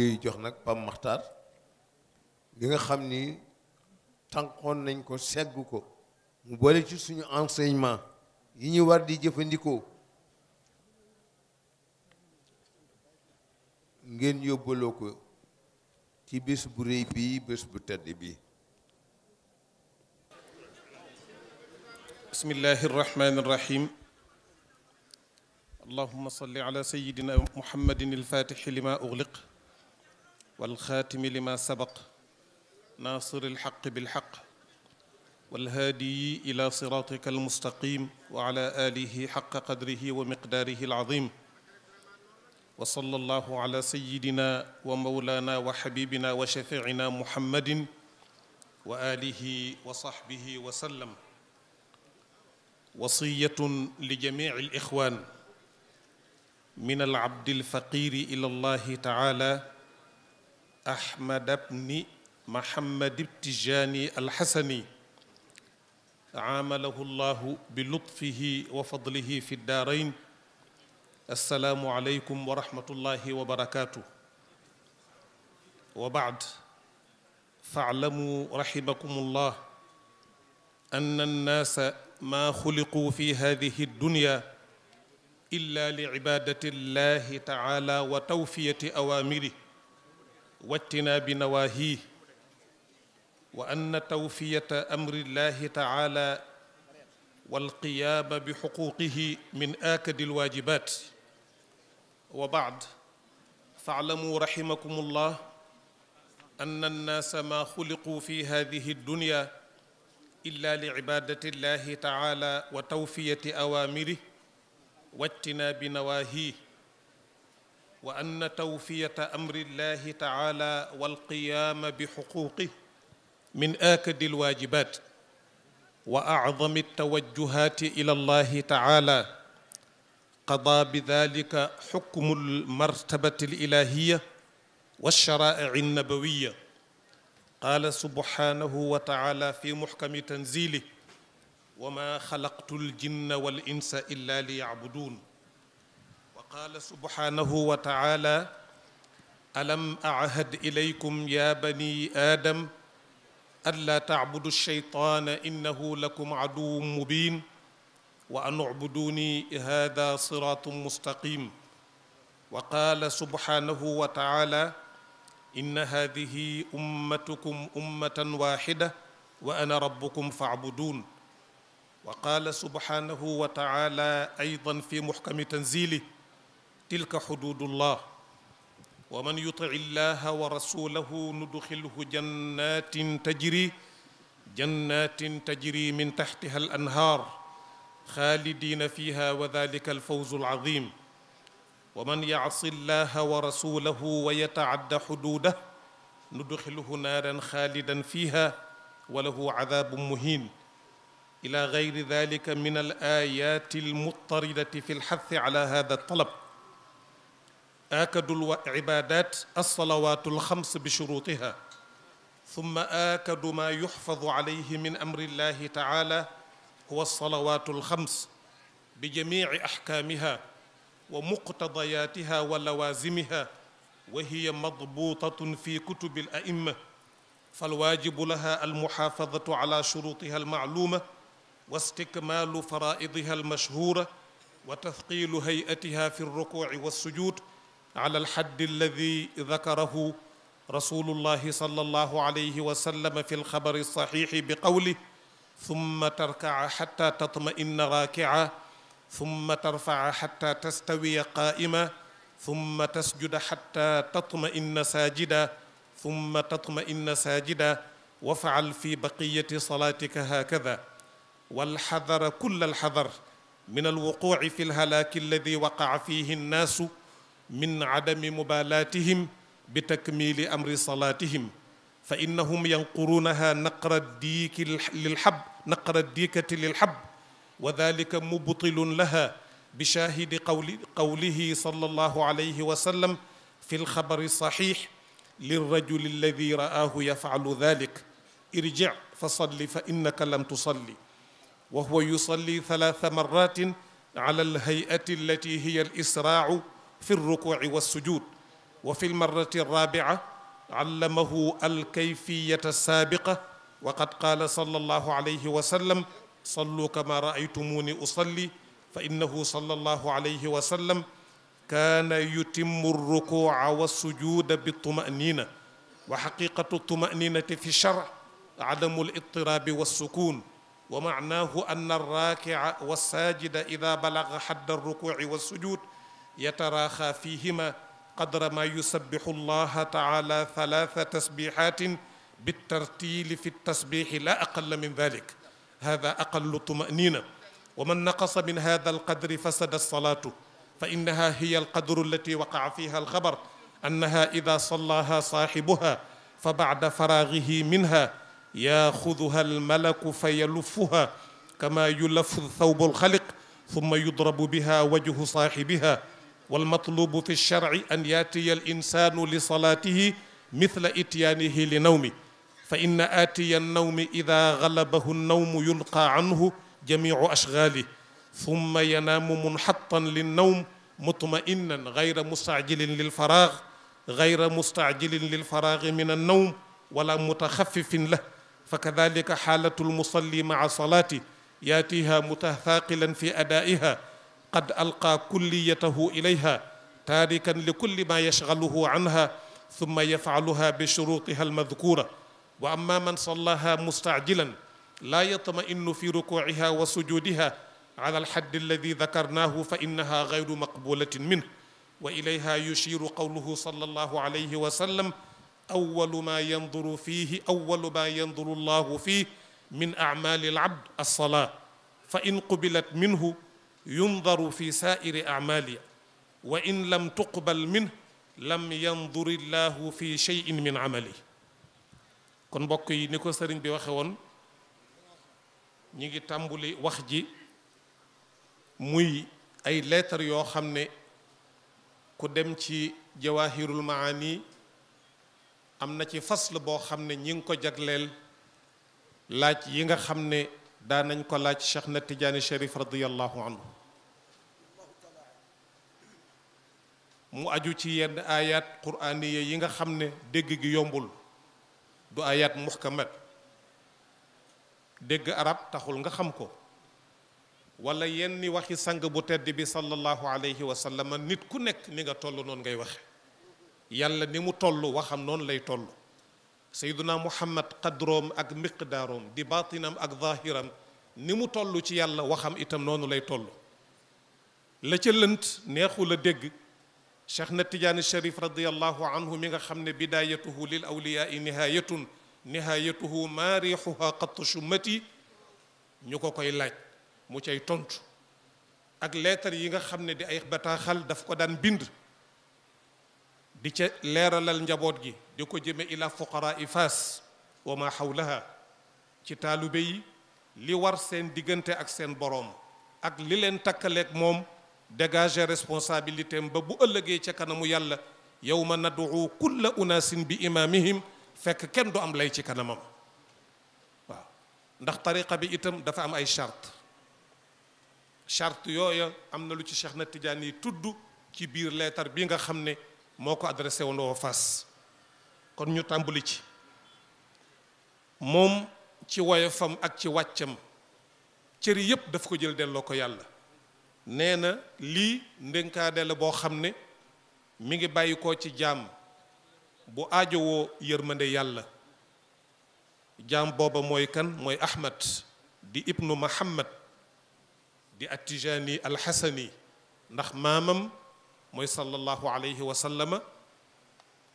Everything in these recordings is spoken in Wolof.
Gueye jox nag Pam Maxtaar li nga xam ni tànqoon nañ ko segg ko mu boole ci suñu enseignement yi ñu war di jëfandikoo ngeen yóbbaloo ko ci bés bu rëy bii bés bu tedd bii bismillahi irrahmani irrahim allahuma salli ala sayidina muhammadin alfatixi lima ugliq والخاتم لما سبق ناصر الحق بالحق والهادي إلى صراطك المستقيم وعلى آله حق قدره ومقداره العظيم وصلى الله على سيدنا ومولانا وحبيبنا وشفيعنا محمد وآله وصحبه وسلم وصية لجميع الإخوان من العبد الفقير إلى الله تعالى أحمد بن محمد التجاني الحسني عامله الله بلطفه وفضله في الدارين السلام عليكم ورحمة الله وبركاته وبعد فاعلموا رحمكم الله أن الناس ما خلقوا في هذه الدنيا إلا لعبادة الله تعالى وتوفية أوامره wattinaa bi nawaahi wa anna tawfiyata amrillahi taala walqiyaama bi xuquuqihi min aakadi alwaajibaat wa baad faalamu raximakum ullah anna annaasa maa xuliqu fi hadihi dunya illa li cibaadati llahi taala wa tawfiyati awaamirihi wattinaa bi nawaahi wa anna tawfiyata amri llahi taala walqiyaama bi xuquqi min aakadi alwaajibaat wa acdami altawajjuhaati ila allahi taala qadaa bidalika xukmu almartabati alilahiya walsharaa'ici alnabawiya qaala subhanahu wa taala fi muxkami tanzilih wa ma xalaqtu aljinna walinsa illa liyacbuduun qaala subhaanahu wa taala alam ahad ilaykum ya bani aadam an laa tacbudu shaytaana innahu lakum caduwun mubin wa an ucbuduuni hada siraatun mustaqim wa qaala subhaanahu wa taala inna hadihi ummatukum ummatan waaxida wa ana rabbukum facbuduun wa qaala subhaanahu wa taala aydan fi muxkami tanzilih tilka xududullah wa man yuti illaha wa rasulahu nudxilhu jannatin tajri jannatin tajri min taxtiha al anhaar xaalidina fiha wa dalika alfawzu alazim wa man yacsi llaha wa rasulahu wa yatacadda xuduudah nudxilhu naaran xaalidan fiha wa lahu cadaabun muhin ila gayri dalika min al ayaati almutaridati fi lxathi ala hada altalab aakadul ibadat alsalawatu alxams bi shurutiha summa aakadu maa yuxfadu alayhi min amri llahi taala huwa alsalawatu alxams bi jamici axkaamiha wa muqtadayaatiha wa lawaazimiha wa hiya madbuutatun fi kutubi alaimma falwaajibu laha almuxaafadatu ala shurutiha almacluuma wa stikmaalu faraa'idiha almashhuura wa tathqiilu hay'atiha fi alrukuuci wassujuud ala alxaddi alladi dakarahu rasulullahi sallallahu alayhi wa sallam fi alxabari alsaxixi bi qawli summa tarkaa xata tatmaina raakica summa tarfaca xata tastawiya qaa'ima summa tasjuda xata tatmaina saajida summa tatmaina saajida wafacal fi baqiyati salaatika haakada walxadara kulla alxadar min alwuquuci fi alhalaaki alladi waqaca fiihi annaasu min adami mubalatihim bi takmili amri salatihim fa innahum yanqurunaha naqra diiki lilxab naqra diikati lilxab wa dalika mubtilun laha bi shahidi qawli qawlihi sallallahu alayhi wa sallam fi lxabari saxiix lirrajuli alladi ra'aahu yafcalu dalik irjic fa salli fa innaka lam tusalli wa huwa yusalli talaata marratin ala alhay'ati allati hiya alisraacu fi lrukuci walsujud wa fi lmarrati alraabica allamahu alkayfiyata alsaabiqa wa qad qaala sallallahu alayhi wa sallam sallu kama raaytumuni usalli fa innahu sallallahu alayhi wa sallam kaana yutimmu alrukuca walsujuda bittumanina wa xaqiqatu tumaninati fi lchar adamu alitiraabi walsukun wa macnaahu anna alraakica walsaajida ida balaga xadda alrukuci walsujud yataraaxa fihima qadra ma yusabixu allaha taala thalatha tasbixatin bitartili fi tasbixi la aqala min dalik hada aqalu tumanina wa man naqasa min hada alqadri fasada alsalatu fa innaha hiya alqadru allati waqaca fiha alxabar annaha ida sallaha saaxibuha fa bacda faraagihi minha yaaxuduha almalaku fa yalufuha kama yulafu thawbu alxaliq thumma yudrabu biha wajhu saaxibiha walmatlubu fi lcharci an yaatiya alinsanu li salaatihi mithla ityaanihi li nawmi fa inna aatiya annawmi ida galabahu nnawmu yulqaa anhu jamicu ashgaali summa yanaamu munxatan linnawm mutmainan gayra mustaajilin lilfaraag gayra mustaajilin lilfaraagi min annawm wala mutaxafifin lah fa kadalika xaalatu lmusalli maca salaati yaatiha mutahaaqilan fi adaa'iha qad alqaa kulliyatahu ilayha taarikan li kulli ma yashgaluhu anha summa yafaaluha bi shurutiha almadkura wa amma man sallaha mustajilan laa yatma'innu fi rukuuciha wa sujuudiha ala alxaddi alladi dakarnahu fa innaha gayru maqbulatin minh wa ilayha yushiru qawluhu sallallahu alayhi wa sallam awalu ma yanduru fiihi awalu ma yanduru allahu fiih min acmaali alabd alsalaa fa in qubilat minhu yundaru fi saa'iri a'maaliya wa in lam tuqbal min lam yanduri llahu fi cheyin min amali kon mbokk yi ni ko sëriñ bi waxe woon ñi ngi tàmbuli wax ji muy ay leetar yoo xam ne ku dem ci jawahirul maani am na ci fasl boo xam ne ñi ngi ko jagleel laaj yi nga xam ne daanañ ko laaj Cheikh na Tijaani radiallahu anhu mu aju ci yenn ayat quraaniya yi nga xam ne dégg gi yombul du ayat muhkamat dégg arab taxul nga xam ko wala yenn waxi sang bu tedd bi sallallahu alayhi wa sallam nit ku nekk ni nga toll noonu ngay waxe yàlla ni mu toll waxam noonu lay toll sayduna muhammad qadroom ak miqdaaroom di baatinam ak zahiram ni mu toll ci yàlla waxam itam noonu lay toll la ca lënt dégg cheikh na tijaani sharif radiallahu mi nga xam ne bidayatuhu lil awliyaai nihayatun nihayatuhu maariixuha qattu summati ñu ko koy laaj mu cay tontu ak leetar yi nga xam ne di ay bataaxal daf ko daan bind di ca leeralal njaboot gi di ko jëme ila fuqaraa faas wa ma xawlaha ci taalibe yi li war seen diggante ak seen boroom ak li leen takkaleeg moom dégager responsabilité ba bu ëllëgee ca kanamu yàlla yawma nad'u kulla unaasin bi imaamihim fekk kenn du am lay ci kanamam waaw ndax tariqa bi itam dafa am ay charte charte yooya am na lu ci Cheikh na Tidiane yi tudd ci biir leetar bi nga xam ne moo ko adressé woon waa Fass kon ñu tàmbali ci moom ci woyofam ak ci wàccam cër yépp daf ko jël delloo ko yàlla nee na lii ndénkaade la boo xam ne mu ngi bàyyi ko ci jaam bu aajowoo yërmande yàlla jaam booba mooy kan mooy ahmad di ibnu muhammad di attijaani alxasani ndax maamam mooy sallallahu alayhi wa sallama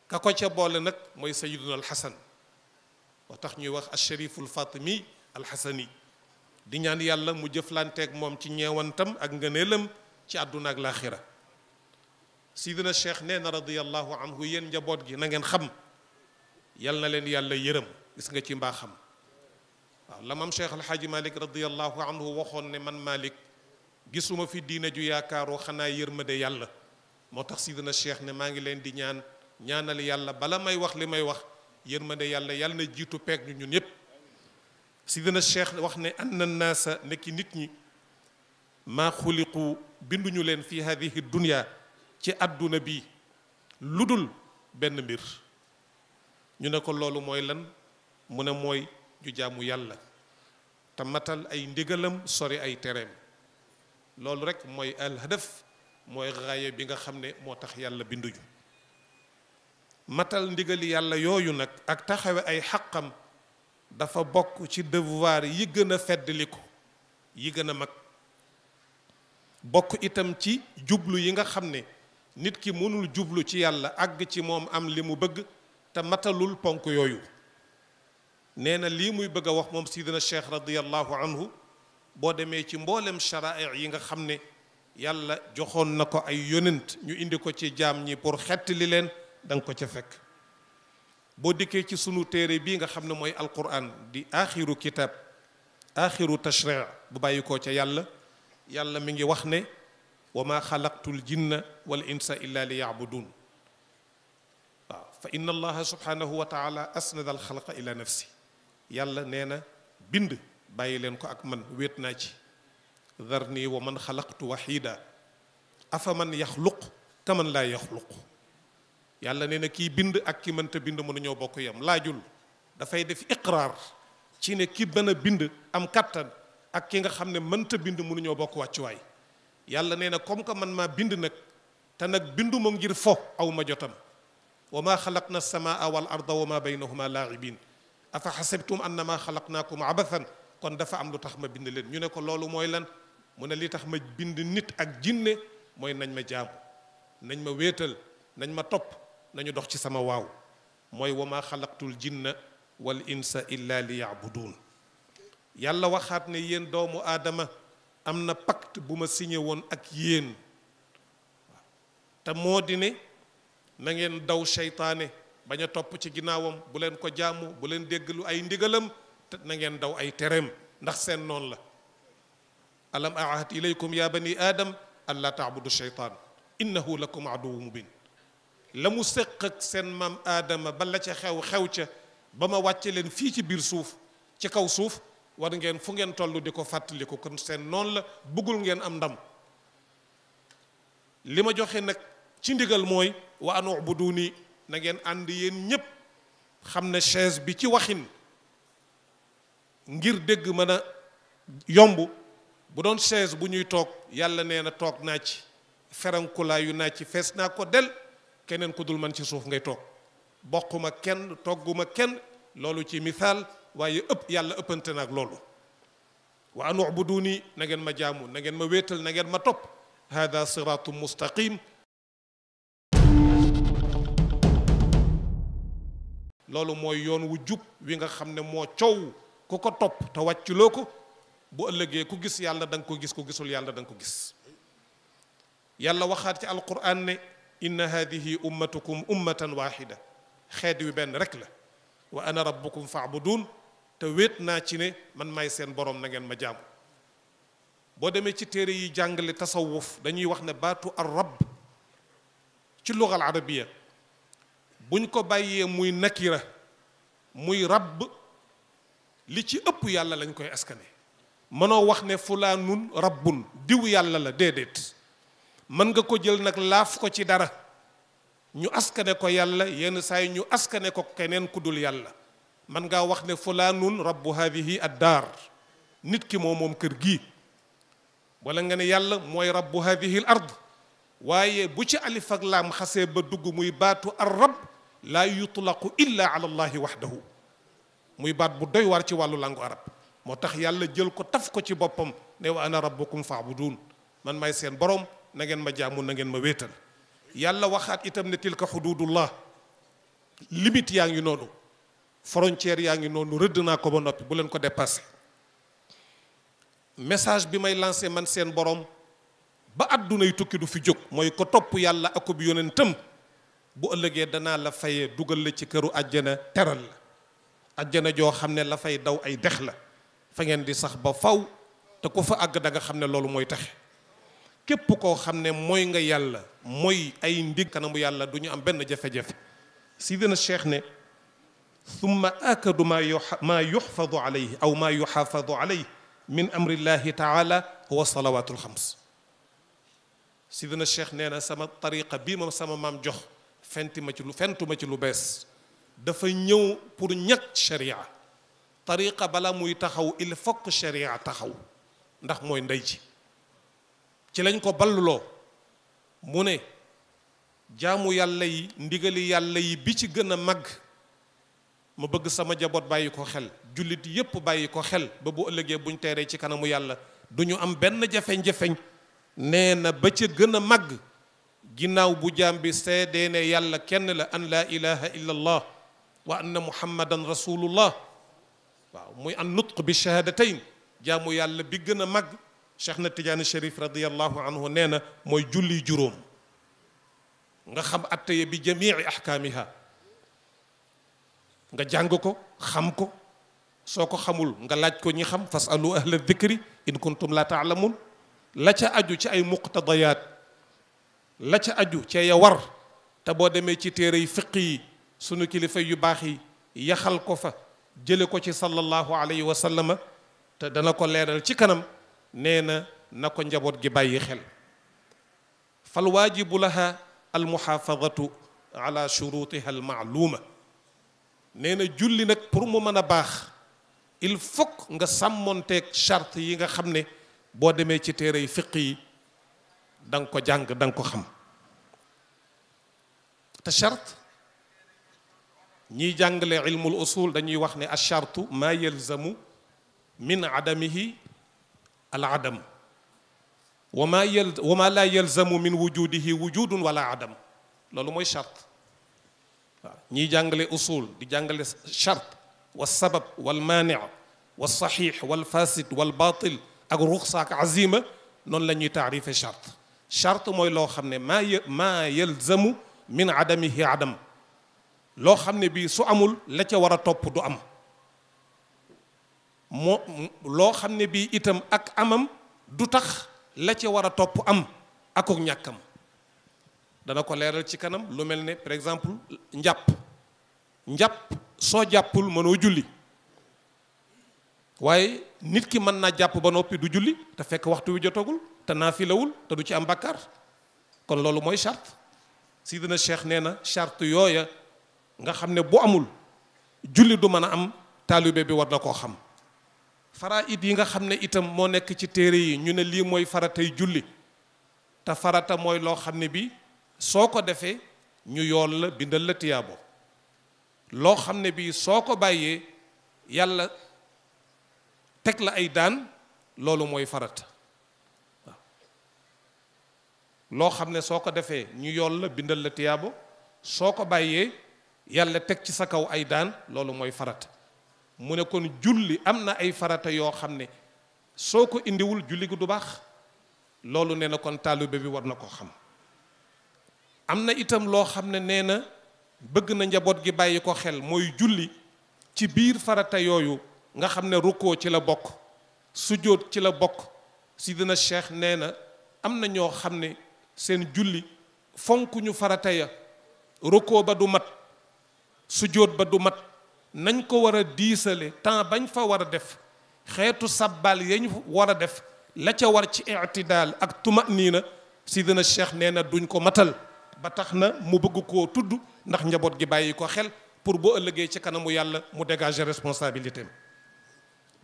ka ko ca boole nag mooy sayiduna alxasan wa tax ñuy wax alsharifu alfatimi alxasani di ñaan yàlla mu jëflanteek moom ci ñewantam ak ngëneelam ci àdduna ak laaxira sidina cheikh nee na radiallahu anhu yéen njaboot gi nangeen xam yal na leen yàlla yërëm gis nga ci mbaaxam waaw la mam cheikh alxaaji malik radiallahu anhu waxoon ne man malik gisuma fi diina ju yaakaaroo xanaa yërmande yàlla moo tax sidina cheikh ne maa ngi leen di ñaan ñaanal yàlla bala may wax li may wax yërmande yàlla yàlla na jiitu peeg ñu ñun ñëpp sidina cheikh wax ne anna sa nekki nit ñi maa binduñu leen fi hadihi dunyaa ci àdduna bi lu dul benn mbir ñu ne ko loolu mooy lan mu ne mooy ju jaamu yàlla te matal ay ndigalam sori ay tereem loolu rekk mooy alhadaf mooy raaya bi nga xam ne moo tax yàlla binduñu matal ndigali yàlla yooyu nag ak taxawe ay xaqam dafa bokk ci devoir yi gën a feddli ko yi gën a mag bokk itam ci jublu yi nga xam ni nit ki mënul jublu ci yàlla àgg ci moom am li mu bëgg te matalul ponk yooyu nee na lii muy bëgg a wax moom sidina cheikh radiallahu anhu boo demee ci mboolem shara'i yi nga xam ne yàlla joxoon na ko ay yonent ñu indi ko ci jaam ñi pour xett li leen danga ko ca fekk boo dikkee ci sunu téere bii nga xam ne mooy alquran di axiru kitab axiru tashri bu bàyyi koo ca yàlla yàlla mi ngi wax ne wa ma xalaqtul jinna wal insa illa li yaabudun waaw fa inna allaha subhanahu wa taala asnada al ila nafsi yàlla nee na bind bàyyi leen ko ak man wéet naa ci darni wa man xalaqtu waxiida afa man yaxluq kaman laa yaxluq yàlla nee na kii bind ak ki manta bind mënuñoo bokk yam laajul dafay def iqraar ci ne ki mën bind am kattan ak ki nga xam ne mënta bind mënuñoo bokk wàccuwaay yàlla nee na comme que man maa bind nag te nag bindu ma ngir fo aw ma jotam wa maa xalaq na samaa wal arda wa maa baynahuma laaibin afa xasibtum annama xalaqnaakum abathan kon dafa am lu tax ma bind leen ñu ne ko loolu mooy lan mu ne li tax ma bind nit ak jinne mooy nañ ma jaamu nañ ma wéetal nañ ma topp nañu dox ci sama waaw mooy wa ma xalaqtul jinna wal insa illa li yaabuduun yàlla waxaat ne yéen doomu aadama am na pacte bu ma signé woon ak yéen te moo di ne na ngeen daw seytaane bañ a topp ci ginnaawam bu leen ko jaamu bu leen dégglu ay ndigalam te na ngeen daw ay tereem ndax seen noon la alam ahad ilaykum ya bani adam an laa taabudu sheytaan innahu lakum aduwu mubin la mu séq ak seen maam aadama ba la ca xew xew ca ba ma wàccee leen fii ci biir suuf ci kaw suuf war ngeen fu ngeen toll di ko fàttaliku kon seen noon la bëggul ngeen am ndam li ma joxe nag ci ndigal mooy wa an ubuduni na nangeen ànd yéen ñépp xam ne chaise bi ci waxin ngir dégg mana yomb bu doon chaise bu ñuy toog yàlla nee na toog naa ci ferankulaayu naa ci fees naa ko del keneen ku dul man ci suuf ngay toog bokkuma kenn togguma kenn loolu ci misaal waaye ëpp yàlla ëppante naag loolu wa an ubuduni na ngeen ma jaamu na ngeen ma wéetal na ngeen ma topp hada siratu mustaqim loolu mooy yoon wu jub wi nga xam ne moo coow ku ko topp te wàcculoo ko bu ëllëgee ku gis yàlla danga ko gis ku gisul yàlla danga ko gis yàlla waxaat ci alquran ne inna hadihi ummatukum ummatan waahida xeet wi benn rek la wa ana rabbukum faabudun te wéet naa ci ne man may seen boroom na ngeen ma jaamu boo demee ci téere yi jàngale tasawuf dañuy wax ne baatu ar ci lugal arabiya buñ ko bàyyee muy nakira muy rabb li ci ëpp yàlla lañ koy askane mënoo wax ne fulaanun rabbun diw yàlla la déedéet mën nga ko jël nag laaf ko ci dara ñu askane ko yàlla yenn saa yi ñu askane ko keneen ku dul yàlla man ngaa wax ne fulaanun rabbu haadihi addaar nit ki moo moom kër gi wala nga ne yàlla mooy rabbu haadihi al ard waaye bu ci alif ak laam xasee ba dugg muy baatu ar rab laa yutlaqu illa ala allahi waxdahu muy baat bu doy war ci wàllu langu arab moo tax yàlla jël ko taf ko ci boppam ne wa ana rabbukum faabuduun man may seen borom nangeen ma jaamu na ngeen ma wéetal yàlla waxaat itam ne tilka xududullah limite yaa ngi noonu frontière yaa ngi noonu rëdd naa ko ba noppi bu leen ko dépassé message bi may lancé man seen borom ba addunay tukki du fi jóg mooy ko topp yàlla ak bi yonentam bu ëllëgee danaa la fayee dugal la ci këru àjjana teral la àjjana joo xam ne la fay daw ay dex la fa ngeen di sax ba faw te ku fa àgg da nga xam ne loolu mooy taxe képp koo xam ne mooy nga yàlla mooy ay ndig kanamu yàlla du ñu am benn jafe-jafe sidina cheikh ne summa akadu ma maa yuxfadu alayhi aw maa yuxaafadu alayhi min amrillahi taala huwa salawaatul xams sidina cheikh nee na sama tariqa bii moom sama maam jox fenti ma ci lu fentuma ci lu bees dafa ñëw pour ñàkk sharia tariqa bala muy taxaw il faut que sharia taxaw ndax mooy ndey ji ci lañ ko balluloo mu ne jaamu yàlla yi ndigali yàlla yi bi ci gën a màgg ma bëgg sama jaboot bàyyi ko xel jullit yépp bàyyi ko xel ba bu ëllëgee buñ teeree ci kanamu yàlla du ñu am benn jafeñ-jafeñ nee na ba ca gën a màgg ginnaaw bu jaam bi seedee ne yàlla kenn la an laa ilaha illa allah wa anna muhammadan rasulullah waaw muy an nutq bi shahadatayn jaamu yàlla bi gën a màgg cheikh na tijaani sharif radiallahu anhu nee na mooy julli juróom nga xam attaye bi jamii ahkaamiha nga jàng ko xam ko soo ko xamul nga laaj ko ñi xam fasalu ahla dikri in kuntum la taalamun la ca aju ci ay muqtadayaat la ca aju ca war te boo demee ci téere yi fiq yi sunu kilifa yu baax yi yaxal ko fa jële ko ci sallallahu alayhi wa sallama te dana ko leeral ci kanam nee na na ko njaboot gi bàyyi xel fal waajibu laha almuhaafadatu ala shurutiha almaaluuma nee na julli nag pour mu mën a baax il faut nga sàmmonteeg charte yi nga xam ne boo demee ci téere yi fiq yi da ko jàng danga ko xam te charte ñiy jàngale ilmul usul dañuy wax ne achartu ma yalzamu min adamihi al adam wa ma yal wa ma laa yalzamu min wujudihi wujudun wala adam loolu mooy charte waaw ñiy jàngale usul di jàngale charte wa sabab wal maani wa saxiix wal fasid wal baatil ak ruxsa ak azima noonu la ñuy taarife charte charte mooy loo xam ne maa maa yalzamu min adamihi adam loo xam ne bii su amul la ca war a topp du am moo loo xam ne bii itam ak amam du tax la ci war a topp am akuk ñàkkam dana ko leeral ci kanam lu mel ne par exemple njàpp njàpp soo jàppul mënoo julli waaye nit ki mën naa jàpp ba noppi du julli te fekk waxtu wi jotagul te naafilawul te du ci am bàkkaar kon loolu mooy charte sidina cheikh nee na charte yooya nga xam ne bu amul julli du mën a am taalibe bi war na koo xam faraid yi nga xam ne itam moo nekk ci téere yi ñu ne lii mooy faratay julli te farata mooy loo xam ne bi soo ko defee ñu yool la bindal la loo xam ne bi soo ko bàyyee yàlla teg la ay daan loolu mooy farata loo xam ne soo ko defee ñu yool la bindal la tiyaabo soo ko bàyyee yàlla teg ci sa kaw ay daan loolu mooy farat mu ne kon julli am na ay farata yoo xam ne soo ko indiwul julli gi du baax loolu nee na kon taalibe bi war na ko xam am na itam loo xam ne nee na bëgg na njaboot gi bàyyi ko xel mooy julli ci biir farata yooyu nga xam ne rukkoo ci la bokk sujjóot ci la bokk sidina cheikh nee na am na ñoo xam ne seen julli fonk ñu farata ya rukkoo ba du mat sujjóot ba du mat nañ ko war a diisale temps bañ fa war a def xeetu sabbal yañ war a def la ca war ci ictidaal ak tumaniina sidina cheikh nee na duñ ko matal ba tax na mu bëgg koo tudd ndax njaboot gi bàyyi ko xel pour boo ëllëgee ci kanamu yàlla mu dégager responsabilité am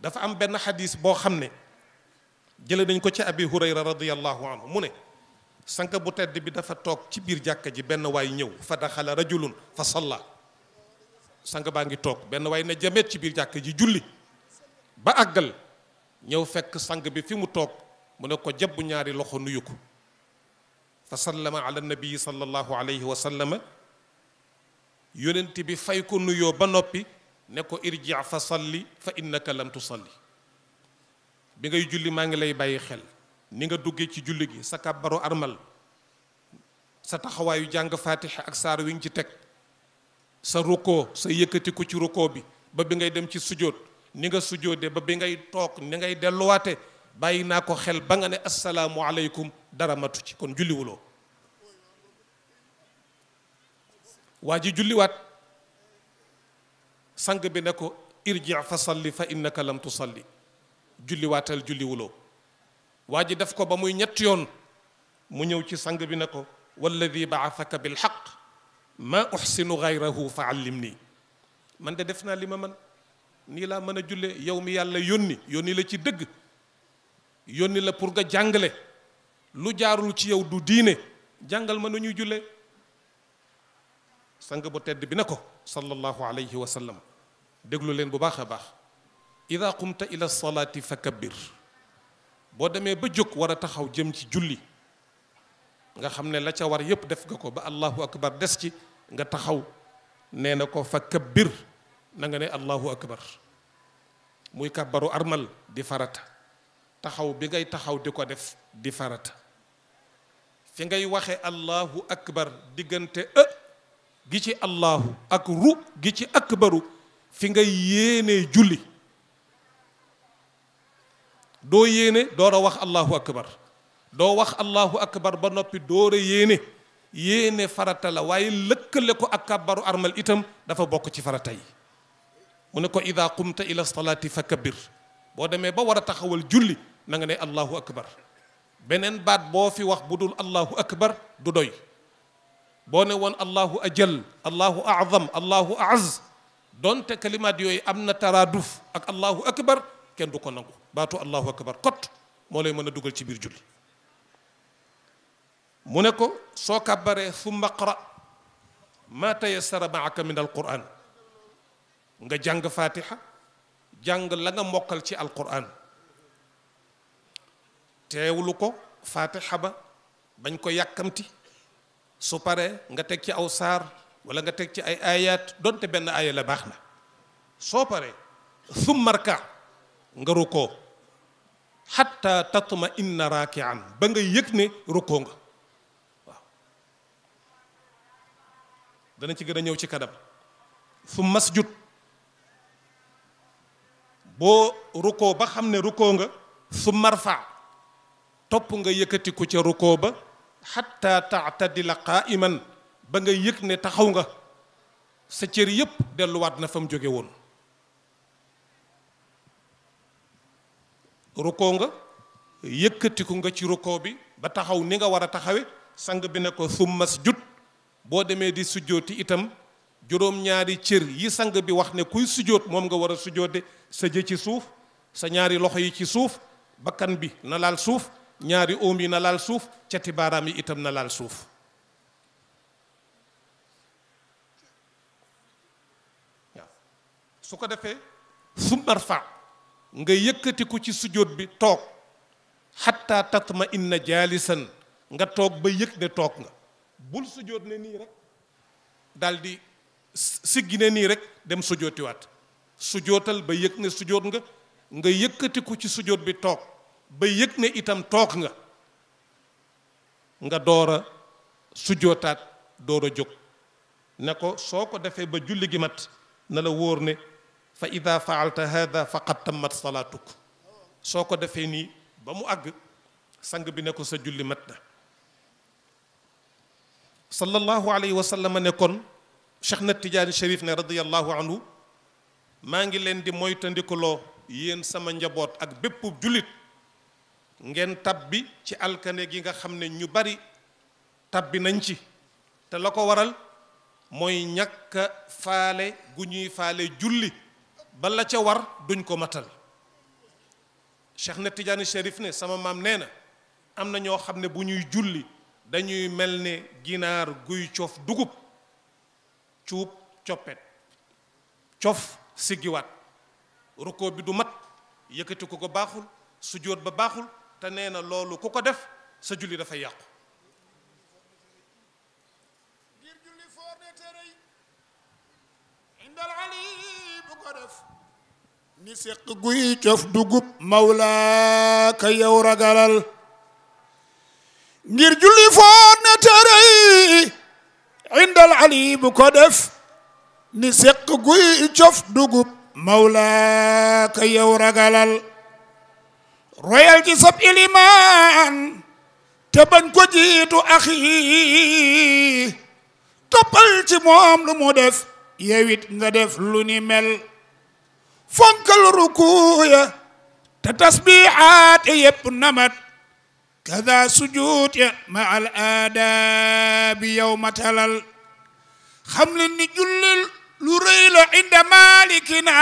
dafa am benn xadiis boo xam ne jële nañ ko ci abi hurayra radiallahu anhu mu ne sànq bu tedd bi dafa toog ci biir jàkka ji benn waay ñëw fa daxala rajulun fa salla sang baa ngi toog benn waaye na jamet ci biir jàkk ji julli ba àggal ñëw fekk sang bi fi mu toog mu ne ko jàpp ñaari loxo nuyu ko fa sallama ala nabii sallallahu alayhi wa sallama bi fay ko nuyoo ba noppi ne ko irji fa salli fa innaka lam tusalli bi ngay julli maa ngi lay bàyyi xel ni nga duggee ci julli gi sa kàbbaru armal sa taxawaayu jàng faatixa ak saar wi ci teg sa rukkoo sa yëkkatiku ci rukkoo bi ba bi ngay dem ci sujjóot ni nga sujjóotee ba bi ngay toog ni ngay delluwaate bàyyi naa ko xel ba nga ne assalaamu aleykum dara matu ci kon julliwuloo waa ji julliwaat sang bi ne ko irji fa salli fa innaka lam tusalli julliwaatal julliwuloo waa ji def ko ba muy ñett yoon mu ñëw ci sang bi ne ko walladi baasaka xaq maa uxsinu gayrahu fa allim nii man de def naa li ma man nii laa mën a julle yow mi yàlla yónni yónni la ci dëgg yónni la pour nga jàngale lu jaarul ci yow du diine jàngal ma nu ñuy julle sang bu tedd bi na ko sallallahu alayhi wa sallam déglu leen bu baax baax ida qumta ila boo demee ba jóg war a taxaw jëm ci julli nga xam ne la ca war yépp def nga ko ba allahu akbar des ci nga taxaw nee na ko fa kabbir na nga ne allahu akbar muy kàbbaru armal di farata taxaw bi ngay taxaw di ko def di farata fi ngay waxe allahu akbar diggante ë gi ci allahu ak ru gi ci akbaru fi ngay yéene julli doo yéene door a wax allahu akbar doo wax allahu akbar ba noppi door a yéene yéene farata la waaye lëkkale ko ak kabaru armal itam dafa bokk ci farata yi mu ne ko ida qumta ila salaati fa kabbir boo demee ba war a taxawal julli na nga ne allahu akbar beneen baat boo fi wax bu dul allahu akbar du doy boo ne woon allahu ajal allahu azam allahu az donte kalimaat yooyu am na taraaduf ak allahu akbar kenn du ko nangu baatu allahu akbar kot moo lay mën a dugal ci biir julli mu ne ko soo kàbbaree summa qra maa tayassara maaka min alquran nga jàng fatiha jàng la nga mokkal ci alquran teewlu ko fatiha ba bañ ko yàkkamti su paree nga teg ci aw saar wala nga teg ci ay ayat donte benn aaya la baax na soo paree summa rka nga rukkoo xatta tatma inna raakian ba nga yëg ne rukkoo nga dana ci gën a ñëw ci kanam su masjud boo rukkoo ba xam ne rukkoo nga su marfa topp nga yëkkatiku ca rukkoo ba xatta taatadila qaaiman ba nga yëg ne taxaw nga sa cër yépp delluwaat na fa mu jóge woon rukkoo nga yëkkatiku nga ci rukkoo bi ba taxaw ni nga war a taxawe sang bi ne ko su jut boo demee di sujjooti itam juróom-ñaari cër yi sang bi wax ne kuy sujjoot moom nga war a sujjoote sa jë ci suuf sa ñaari loxo yi ci suuf bakkan bi na laal suuf ñaari oom yi na laal suuf cati baaraam yi itam na laal suuf su ko defee summa rfa nga yëkkatiku ci sujjoot bi toog xatta tatma inna jaalisan nga toog ba yëg ne toog nga bul sujjóot ne nii rek daldi di siggi ne nii rek dem sujjóotiwaat sujjóotal ba yëg ne sujjóot nga nga yëkkatiku ci sujjóot bi toog ba yëg ne itam toog nga nga door a sujjóotaat door a jóg ne ko soo ko defee ba julli gi mat na la wóor ne fa ida faalta hada faqad tammat salaatuk soo ko defee nii ba mu àgg sang bi ne ko sa julli mat na sallallahu alayhi wa sallam ne kon Cheikh na Tidiane Chérif ne radiyallahu anhu maa ngi leen di moytandikuloo yéen sama njaboot ak bépp jullit ngeen tabbi ci alkane gi nga xam ne ñu bari tabbi nañ ci te la ko waral mooy ñàkk faale gu ñuy faale julli ba la ca war duñ ko matal Cheikh na Tidiane Chérif ne sama maam nee na am na ñoo xam ne bu ñuy julli dañuy mel ni ginaar guy cof dugub cuub coppet cof siggiwaat rukkoo bi du mat yëkkati ko ko baaxul sujjóot ba baaxul te nee na loolu ku ko def sa julli dafa yàqu ni séq guy cof dugub mawlaaka yow ragalal ngir julli foot ne tërëy indal ali bu ko def ni seq guy cof dugub mawlaa ka ragalal royal ci sab ilimaan te bañ ko jiitu axi toppal ci moom lu mu def yewit nga def lu ni mel fonkal rukuya te tasbihaat yépp namat kada sujud ya ma al yow ma talal xam leen ni jullil lu rëy la inda malikina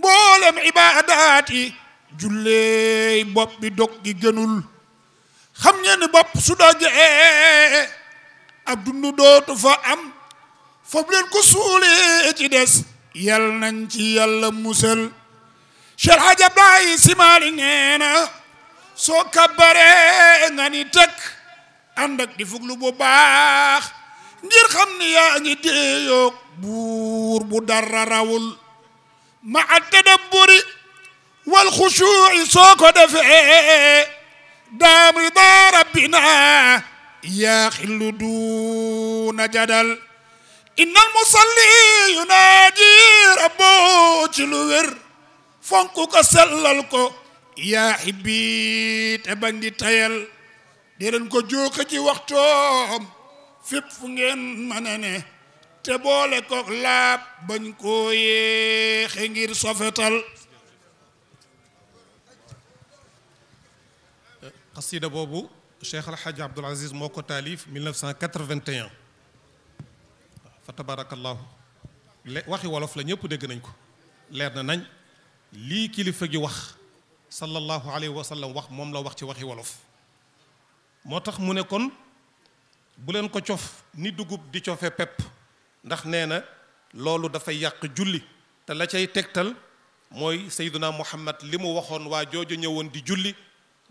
mboolem ibaadaat yi julleey bopp bi dog gi gënul xam ngeen ni bopp su dogee ab dundu dootu fa am foofu leen ko ci des yal nañ ci yàlla musal Cheikh Hadj Abdoulaye Sy Malick nee soo kabbaree nga ni tëkk ànd ak di fuglu bu baax ngir xam ni yaa ngi déeyoog buur bu dara rawul ma a tadabburi wal xushuuci soo ko defee daam ridaa rabbina yaa xillu duuna jadal innal musalli yunaaji rabbo ci lu wér fonk sellal ko yaa xibbi te bañ di tayal di leen ko jóoka ci waxtoom fépp fu ngeen mën ne te boole ko laab bañ koo yéexe ngir sofetal xasida boobu Cheikh El Hadj Abdoul Aziz moo ko taalif 1981 fa tabarakallahu waxi wolof la ñëpp dégg nañ ko leer na nañ lii kilifa gi wax sallallahu alayhi wa wax moom la wax ci tax mu ne bu leen ko cof ni dugub di cofe pepp ndax nee na loolu dafay yàq julli te la cay tegtal mooy sayduna muhammad li mu waxoon waa jooju ñëwoon di julli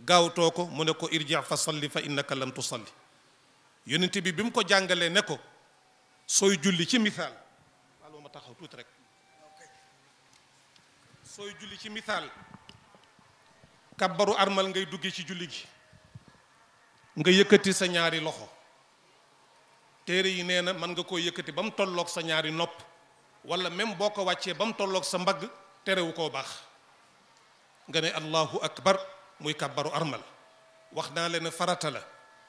gaawtoo ko mu ne ko irji' fa fa innaka lam tusalli yonent bi bi mu ko jàngalee ne ko sooy julli ci misaal ma taxaw tuuti rek sooy julli ci misaal kàbbaru armal ngay dugge ci julli gi nga yëkkati sa ñaari loxo téere yi nee na mën nga koo yëkkati ba mu tollook sa ñaari nopp wala même boo ko wàccee ba mu tollook sa mbagg terewu koo baax nga ne allahu akbar muy kàbbaru armal wax naa leen farata la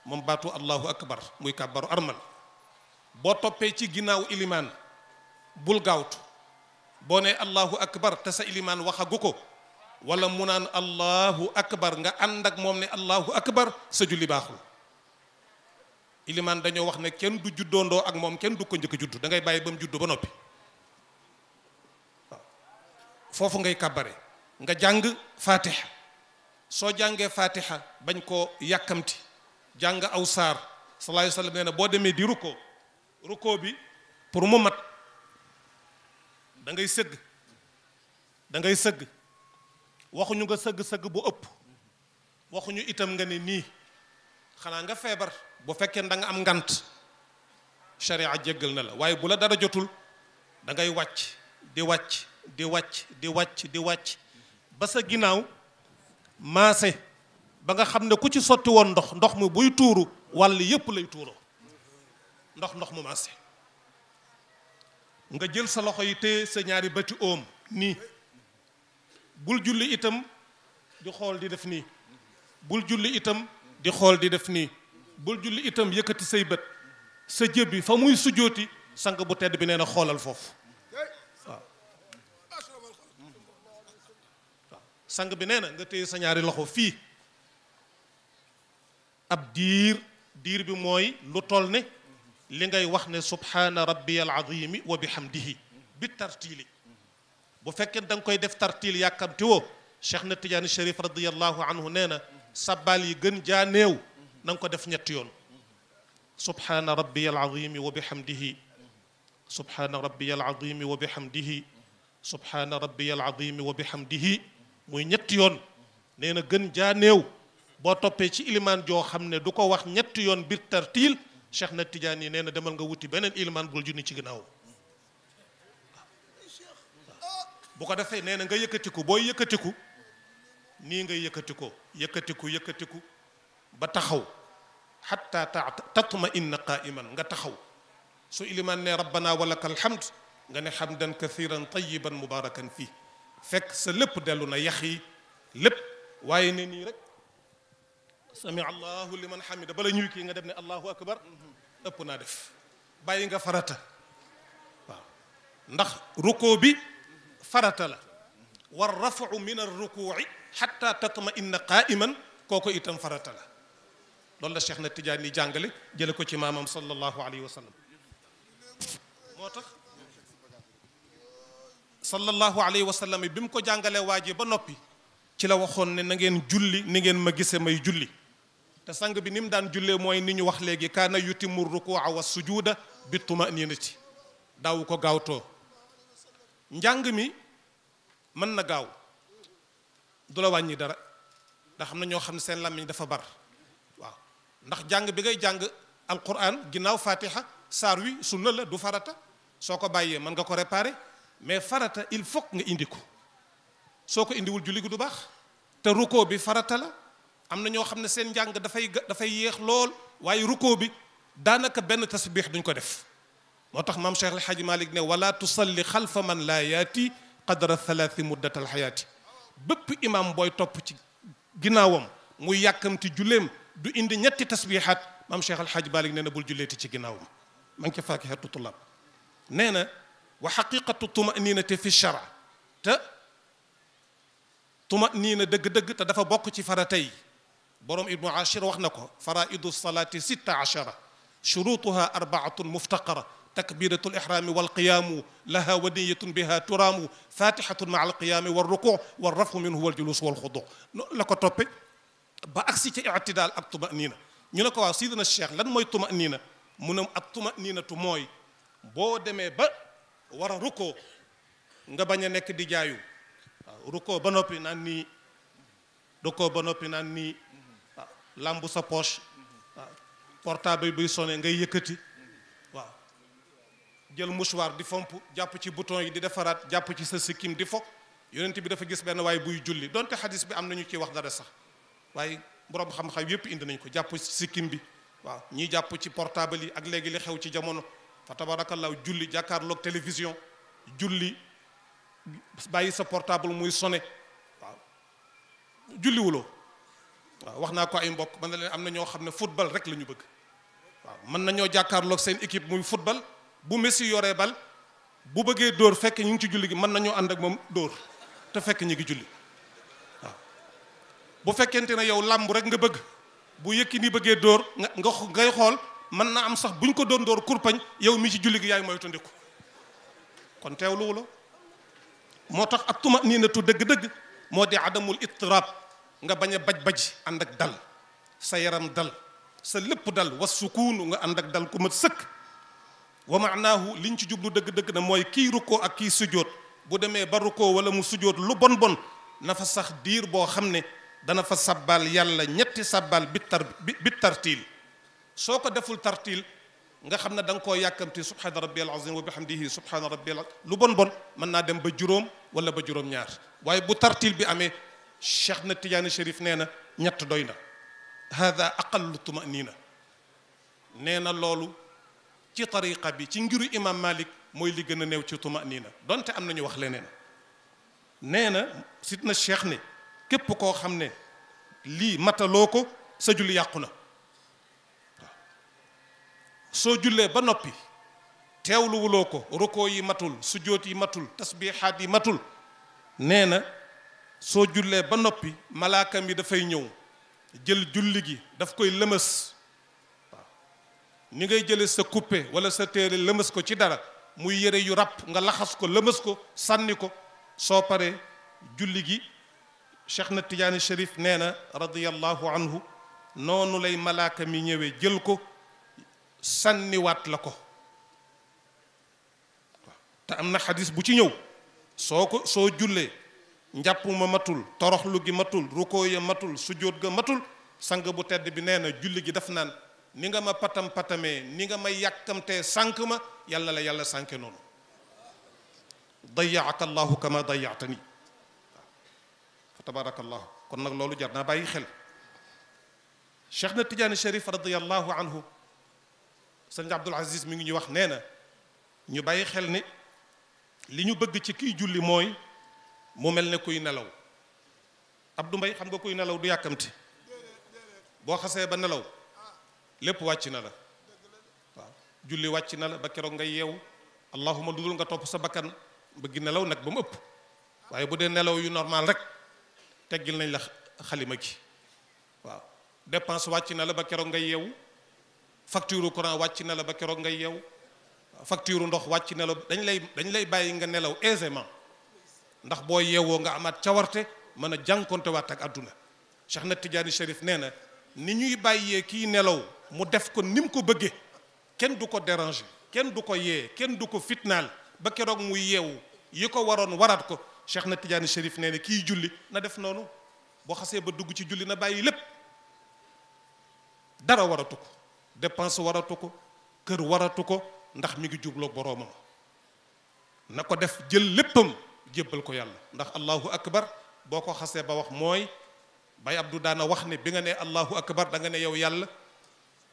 moom baatu allahu akbar muy kàbbaru armal boo toppee ci ginnaaw ilimaan bul gaawtu boo ne allahu akbar te sa ilimaan waxagu ko wala mu naan allahu akbar nga ànd ak moom ne allahu akbar sa julli baaxul ilimaan dañoo wax ne kenn du juddoondoo ak moom kenn du ko jëkk juddu dangay ngay bàyyi ba mu juddu ba noppi foofu ngay kàbbare nga jàng fatiha soo jàngee fatiha bañ koo yàkkamti jàng aw saar sallallahu alayhi wa sallam nee na boo demee di rukkoo rukkoo bi pour mu mat dangay ngay sëgg da sëgg waxuñu nga sëgg-sëgg bu ëpp waxuñu itam nga ne nii xanaa nga feebar bu fekkee da nga am ngant sharia jéggal na la waaye bu la dara jotul da ngay wàcc di wàcc di wàcc di wàcc di wàcc ba sa ginnaaw maase ba nga xam ne ku ci sotti woon ndox ndox mu buy tuuru wàll yépp lay tuuroo ndox ndox mu maase nga jël sa loxo yi téye sa ñaari bëti oom nii bul julli itam di xool di def nii bul julli itam di xool di def nii bul julli itam yëkkati say bët sa jëb bi fa muy sujjooti sang bu tedd bi nee na xoolal foofu waaw sang bi nee nga téye sa ñaari loxo fii ab diir diir bi mooy lu toll ne li ngay wax ne subhaana rabbiyal azimi wa bihamdihi bi tartiili bu fekkee da nga koy def tartiil yàkkamti woo cheikh na tijaani sharif radiallahu anhu nee na sabal yi gën jaa néew na nga ko def ñetti yoon subhaana rabbiya alazimi wa bihamdihi subhaana rabbiya alazimi wa bihamdihi subhaana bi alazimi wa bihamdihi muy ñetti yoon nee na gën jaa néew boo toppee ci ilimaan joo xam ne du ko wax ñetti yoon biir tartiil cheikh na tijaani nee na demal nga wuti beneen ilimaan bul junni ci ginnaaw bu ko defee nee na nga yëkkatiku booy yëkkatiku nii ngay yëkkatikoo yëkkatiku yëkkatiku ba taxaw xatta tatma inna qaiman nga taxaw su ilimaan ne rabbana walaka alhamd nga ne xamdan kathiran tayiban mubarakan fii fekk sa lépp dellu na yax yi lépp waaye ne nii rek sami allahu liman xamida bala ñuy kii nga dem ne allahu akbar ëpp naa def bàyyi nga farata waaw ndax ruko farata la war rafu min arrukuui xatta tatma inna qaaiman kooku itam farata la loolu la Cheikh na Tidiane yi jàngale jële ko ci maamam sallallahu alayhi wa sallam moo tax sallallahu alayhi wa sallam bi mu ko jàngalee waa ji ba noppi ci la waxoon ne na ngeen julli ni ngeen ma gisee may julli te sang bi ni mu daan jullee mooy ni ñu wax léegi kaana yutimu rukuuca wa sujuuda bi ci daaw ko gaawtoo njàng mi mën na gaaw du la wàññi dara ndax xam na ñoo xam ne seen làmmiñ dafa bar waaw ndax jàng bi ngay jàng alquran ginnaaw fatiha saar wi su la du farata soo ko bàyyee mën nga ko réparer mais farata il faut nga indi ko soo ko indiwul julli gi du baax te rukkoo bi farata la am na ñoo xam ne seen njàng dafay ga dafay yéex lool waaye rukkoo bi daanaka benn tasbix duñ ko def moo tax maam Cheikh El Hadj Malick ne li xal fa man laa yaati qadra thalathi muddatal xayaati bépp imam booy topp ci ginnaawam muy yàkkamti julleem du indi ñetti tasbihaat maam Cheikh Alhaaj Malik nee na bul julleeti ci ginnaawam ma ngi ci faakihatu tulaab nee na wa xaqiqatu tumaninati fi shara te tumanina dëgg-dëgg te dafa bokk ci farata yi borom ibnu ashir wax na ko faraidu salaati sitta achara shurutuha arbaatun muftaqara takbiratul ihrami wal qiyaamu laha waniyatun biha turaamu fatihatun maa alqiyaami wa ruku wa rafu minhu wal wa wal xudu la ko toppe ba agsi ci ictidaal ak tumanina ñu ne ko waaw sidina cheikh lan mooy tumanina mu ne ak tumaninatu mooy boo demee ba war a nga bañ a nekk di jaayu waaw rukkoo ba noppi naan nii rukkoo ba noppi naan nii waaw sa poche waaw portable buy sone ngay yëkkati jël mouchoir di fomp jàpp ci bouton yi di defaraat jàpp ci sa sikkim di fokk yonent bi dafa gis benn waaye buy julli donte xadis bi am nañu ciy wax dara sax waaye boroom xam-xam yépp indi nañ ko jàpp ci sikkim bi waaw ñii jàpp ci portable yi ak léegi li xew ci jamono fa tabarakallah julli jàkkaarloog télévision julli bàyyi sa portable muy sone waaw julliwuloo waaw wax naa ko ay mbokk man na leen am na ñoo xam ne football rek la ñu bëgg waaw mën nañoo jàkkaarloog seen équipe muy football bu Messi yoree bal bu bëggee dóor fekk ñu ngi ci julli gi mën nañoo ànd ak moom dóor te fekk ñu ngi julli waaw bu fekkente ne yow làmb rek nga bëgg bu Yékini bëggee dóor nga ngay xool mën naa am sax buñ ko doon dóor kurpañ yow mi ci julli gi yaay moytandiku kon teewluwu la moo tax ak tuma nii natu dëgg-dëgg moo di adamul ittirab nga bañ a baj-baj ànd ak dal sa yaram dal sa lépp dal was sukuunu nga ànd ak dal ku ma sëkk wa maanaahu liñ ci jublu dëgg-dëgg na mooy kii rukkoo ak kii sujjoot bu demee ba rukkoo wala mu sujjoot lu bon bon na fa sax diir boo xam ne dana fa sabbal yàlla ñetti sabbal bi tar tartiil soo ko deful tartiil nga xam ne da nga koo yàkkamti subhaana rabbiyal azim wa bihamdihi subhaana rabbiyal lu bon bon mën naa dem ba juróom wala ba juróom-ñaar waaye bu tartiil bi amee cheikh na tijaani shérif nee na ñett doy na hada aqallu tumanina nee na loolu ci tariqa bi ci ngiru imam malik mooy li gën a néew ci nii na donte am na ñu wax leneen nee na sit na cheikh ne képp koo xam ne lii mataloo ko sa julli yàqu na soo jullee ba noppi teewluwuloo ko rukoo yi matul sujoot yi matul tasbihaat yi matul nee na soo jullee ba noppi malaakam yi dafay ñëw jël julli gi daf koy lëmës ni ngay jële sa coupé wala sa téere lëmas ko ci dara muy yére yu ràpp nga laxas ko lëmas ko sànni ko soo paree julli gi cheikh na tijaani shérif nee na radiyallahu anhu noonu lay malaaka mi ñëwee jël ko sànniwaat la ko te am na xadis bu ci ñëw soo ko soo jullee njàpp ma matul toroxlu gi matul rukkoo ya matul sujjóot ga matul sang bu tedd bi nee na julli gi daf naan ni nga ma patam patamee ni nga ma yàkkamtee sànq ma yàlla la yàlla sànke noonu dayaata allahu kama dayaata nii kon nag loolu jar naa bàyyi xel cheikh na tijaani sharif radiallahu anhu sëñ abdul aziz mi ngi ñuy wax nee na ñu bàyyi xel ni li ñu bëgg ci kiy julli mooy mu mel ni kuy nelaw ab du mbay xam nga kuy nelaw du yàkkamti boo xasee ba nelaw lépp wàcc na la waaw julli wàcc na la ba keroog nga yeew allahuma lu dul nga topp sa bakkan bëgg nelaw nag ba mu ëpp waaye bu dee nelaw yu normal rek teggil nañ la xalima gi waaw dépense wàcc na la ba keroog nga yeew facture courant wàcc na la ba keroog nga yeew facture ndox wàcc na dañ lay dañ lay bàyyi nga nelaw aisément ndax boo yeewoo nga amaat cawarte mën a jànkonte waat ak àdduna Cheikh na Tidiane Chérif nee na ni ñuy bàyyee kii nelaw mu def ko ni ko bëggee kenn du ko déranger kenn du ko yee kenn du ko fitnaal ba keroog muy yeewu yi ko waroon waraat ko Cheikh na Tidiane Chérif nee na kii julli na def noonu boo xasee ba dugg ci julli na bàyyi lépp dara waratu ko dépense waratu ko kër waratu ko ndax mi ngi jubloo boroomam na ko def jël léppam jébbal ko yàlla ndax allahu akbar boo ko xasee ba wax mooy bay Abdou daana wax ne bi nga ne allahu akbar da nga ne yow yàlla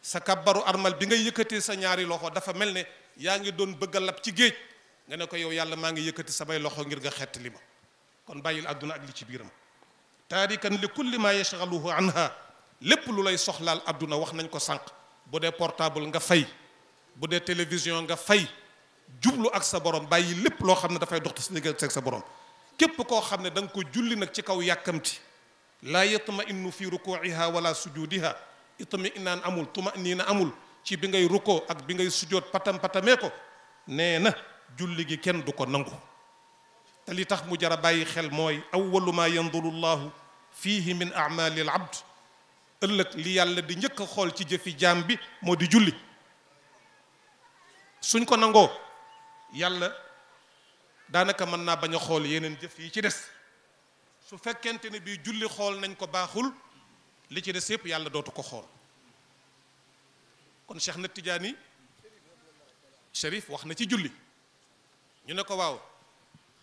sa kabaru armal bi ngay yëkkatee sa ñaari loxo dafa mel ne yaa ngi doon bëgg lab ci géej nga ne ko yow yàlla maa ngi yëkkati samay loxo ngir nga xett li ma kon bàyyil àdduna ak li ci biiram taarikan li kulli ma yashghaluhu anha lépp lu lay soxlaal àdduna wax nañ ko sànq bu dee portable nga fay bu dee télévision nga fay jublu ak sa borom bàyyi lépp loo xam ne dafay dox ci diggante ak sa borom képp koo xam ne da nga ko julli nag ci kaw yàkkamti laa yatma innu fi rukuuiha wala sujudiha itami inaan amul tuma nii na amul ci bi ngay rukkoo ak bi ngay sujjoot patam patamee ko nee na julli gi kenn du ko nangu te li tax mu jara bàyyi xel mooy awwalu ma yanduru llahu fiihi min amali al abd ëllëg li yàlla di njëkk a xool ci jëfi jaam bi moo di julli suñ ko nangoo yàlla daanaka mën naa bañ a xool yeneen jëf yi ci des su fekkente ne bii julli xool nañ ko baaxul li ci des yëpp yàlla dootu ko xool kon Cheikh na Tidiane Cherif wax na ci julli ñu ne ko waaw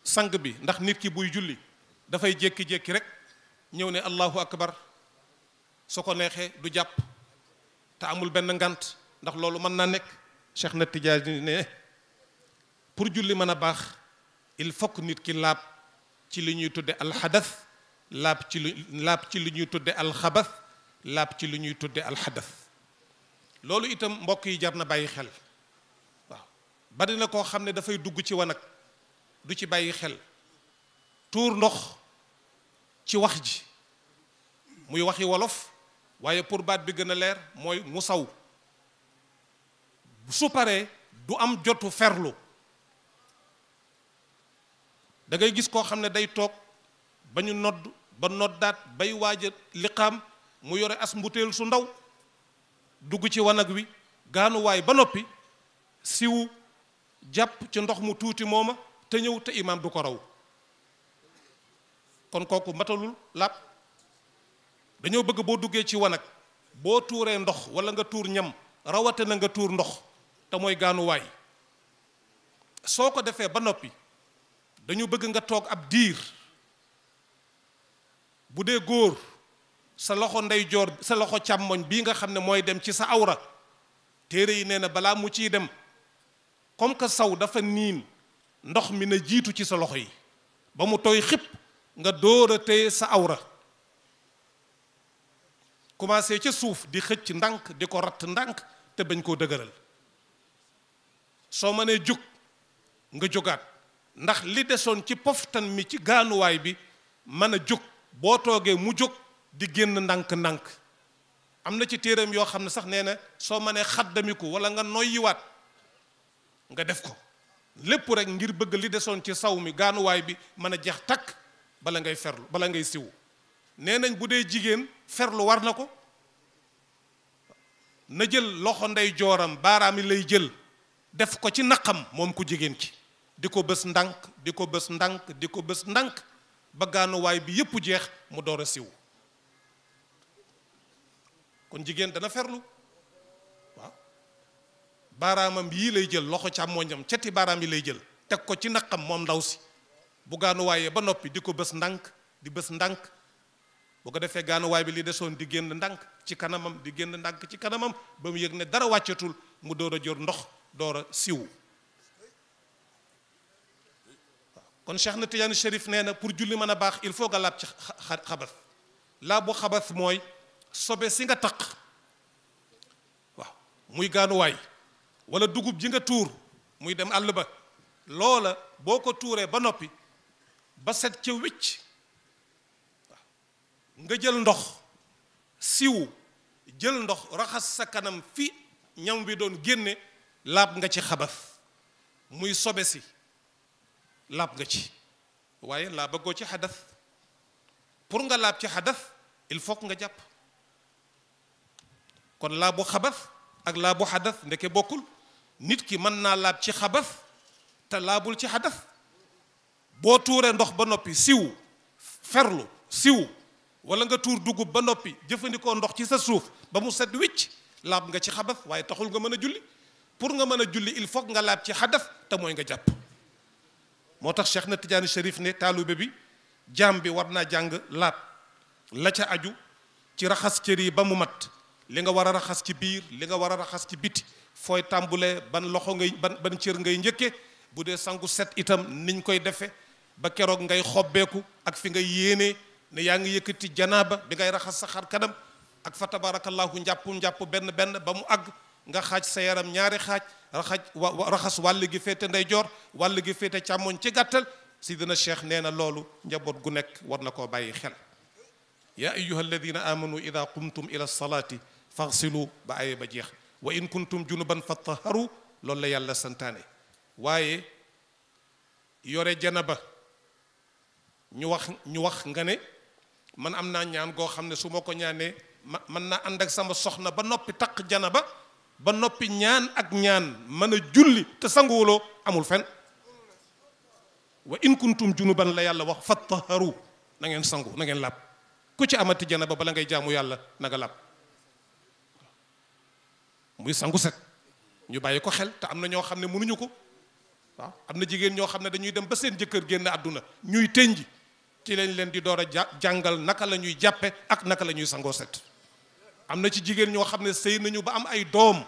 sang bi ndax nit ki buy julli dafay jékki-jékki rek ñëw ne allahu akbar su ko neexee du jàpp te amul benn ngant ndax loolu mën naa nekk Cheikh na Tidiane ne pour julli mën a baax il faut que nit ki laab ci li ñuy tudde alxadas laab ci lu laab ci lu ñuy tudde alxabas làpp ci lu ñuy tudde alxadas loolu itam mbokk yi jar na bàyyi xel waaw bari na koo xam ne dafay dugg ci wanag du ci bàyyi xel tuur ndox ci wax ji muy waxi wolof waaye pour baat bi gën a leer mooy mu saw su paree du am jotu ferlu dangay gis koo xam ne day toog ba ñu nodd ba noddaat bay waaj a liqaam mu yore as mbutéel su ndaw dugg ci wanag wi gaanuwaay ba noppi siw jàpp ci ndox mu tuuti mooma te ñëw te imaam du ko raw kon kooku matalul làpp dañoo bëgg boo duggee ci wanag boo tuuree ndox wala nga tuur ñam rawate na nga tuur ndox te mooy gaanuwaay soo ko defee ba noppi dañu bëgg nga toog ab diir bu dee góor sa loxo ndeyjoor sa loxo càmmoñ bii nga xam ne mooy dem ci sa awra téere yi nee na balaa mu ciy dem comme que saw dafa niin ndox mi na jiitu ci sa loxo yi ba mu tooy xip nga door a téye sa awra commencé ca suuf di xëcc ndànk di ko ratt ndànk te bañ koo dëgëral soo mënee jóg nga jógaat ndax li desoon ci poftan mi ci gaanuwaay bi mën a jóg boo toogee mu jóg di génn ndànk-ndànk am na ci téeram yoo xam ne sax nee na soo mënee xaddamiku wala nga noyyiwaat nga def ko lépp rek ngir bëgg li desoon ci saw mi gaanuwaay bi mën a jeex takk bala ngay ferlu bala ngay siw nee nañ bu dee jigéen ferlu war na ko na jël loxo ndey jooram baaraam yi lay jël def ko ci naqam moom ku jigéen ci di ko bës ndànk di ko bës ndànk di ko bës ndànk ba gaanuwaay bi yépp jeex mu door a siw kon jigéen dana ferlu waaw baaraamam yii lay jël loxo càmmoñam ceti baaraam yi lay jël teg ko ci naqam moom ndaw si bu gaanuwaayee ba noppi di ko bës ndànk di bës ndànk bu ko defee gaanuwaay bi li desoon di génn ndànk ci kanamam di génn ndànk ci kanamam ba mu yëg ne dara wàccatul mu door a jor ndox door a siw kon Cheikh na Tidiane Chérif nee na pour julli mën a baax il faut nga laab ci xabas laab bu xabas mooy sobe si nga taq waaw muy gaanuwaay wala dugub ji nga tuur muy dem àll ba loola boo ko tuuree ba noppi ba set ca wicc nga jël ndox siw jël ndox raxas sa kanam fi ñam bi doon génne laab nga ci xabas muy sobe si laab nga ci waaye laa bëggoo ci xadas pour nga laab ci xadas il faut nga jàpp kon laa bu xabas ak laabu xadas ndeke bokkul nit ki mën naa laab ci xabas te laabul ci xadas boo tuuree ndox ba noppi siw ferlu siw wala nga tuur dugub ba noppi jëfandikoo ndox ci sa suuf ba mu set wicc laab nga ci xabas waaye taxul nga mën a julli pour nga mën a julli il faut nga laab ci xadas te mooy nga jàpp moo tax Cheikh na Tidiane Chérif ne taalube bi jaam bi war naa jàng laab la ca aju ci raxas cër yi ba mu mat li nga war a raxas ci biir li nga war a raxas ci biti fooy tàmbulee ban loxo ngay ban ban cër ngay njëkke bu dee sangu set itam niñ koy defe ba keroog ngay xobbeeku ak fi ngay yéene ne yaa ngi yëkkati janaaba bi ngay raxas sa xar kanam ak fa tabarakallahu njàpp njàpp benn benn ba mu àgg nga xaaj sa yaram ñaari xaaj raxas wàll gi féete ndeyjoor wàll gi féete càmmoñ ci gàttal si sidina cheikh nee na loolu njaboot gu nekk war na koo bàyyi xel yaa ayuha alladina amanu ida qumtum ila salaati ba ba jeex wa in kuntum junuban fattaharu loolu la yàlla santaane waaye yore janaba ñu wax ñu wax nga ne man am naa ñaan goo xam ne su ma ko ñaanee ma mën naa ànd ak sama soxna ba noppi takk ba ba noppi ñaan ak ñaan man a julli te sanguwuloo amul fen wa in kuntum junuban la yàlla wax fattaharu na ngeen sangu na ngeen làpp ku ci amati janaba bala ngay jaamu yàlla na nga làpp muy sangu set ñu bàyyi ko xel te am na ñoo xam ne mënuñu ko waaw am na jigéen ñoo xam ne dañuy dem ba seen jëkkër génn àdduna ñuy tënj ci lañ leen di door a jàngal naka la ñuy jàppe ak naka la ñuy sangoo set am na ci jigéen ñoo xam ne sëy nañu ba am ay doom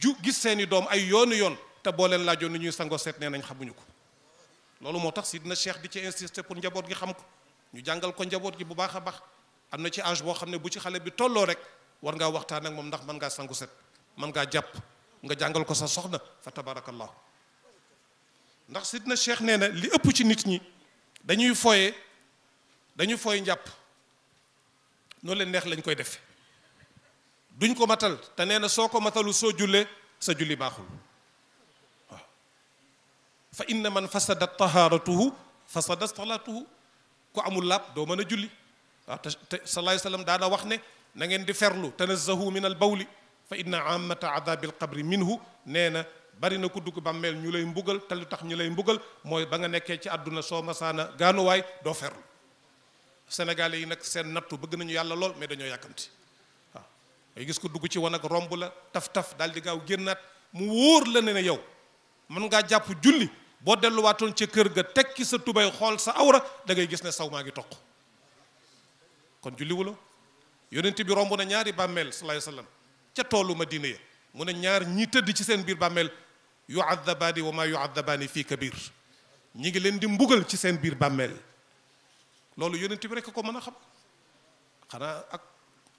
ju gis seeni doom ay yoonu yoon te boo leen laajoon ni ñuy sango seet nee nañ xamuñu ko loolu moo tax si dina Cheikh di ci insister pour njaboot gi xam ko ñu jàngal ko njaboot gi bu baax a baax am na ci âge boo xam ne bu ci xale bi tolloo rek war ngaa waxtaan ak moom ndax mën ngaa sangu set mën ngaa jàpp nga jàngal ko sa soxna fa tabarakallah ndax Sidna Cheikh nee na li ëpp ci nit ñi dañuy foye dañuy foy njàpp noonu leen neex lañ koy defe duñ ko matal te nee na soo ko matalu soo jullee sa julli baaxul waaw fa inna man fasadat taharatuhu fasadat salatuhu ku amul làpp doo mën a julli waaw te sa te salaay salaam daana wax ne na ngeen di ferlu tanazzahu min al bawli fa inna amata adabil qabri minhu nee na bari na ku dugg bàmmeel ñu lay mbugal te lu tax ñu lay mbugal mooy ba nga nekkee ci àdduna soo masaana gaanuwaay doo ferlu sénégalais yi nag seen nattu bëgg nañu yàlla lool mais dañoo yàkkamti ngay gis ko dugg ci wanag romb la taf-taf daal di gaaw génnaat mu wóor la ne ne yow mën ngaa jàpp julli boo delluwaatoon ca kër ga tekki sa tubay xool sa awra dangay gis ne saw maa ngi toq kon julli wuloo yonent bi romb na ñaari bàmmeel sa sallam ca toolu Madina ya mu ne ñaar ñi tëdd ci seen biir bàmmeel yuadabaani wa maa yuadabaani fii kabir ñi ngi leen di mbugal ci seen biir bàmmeel loolu yonent bi rekk ko mën a xam xanaa ak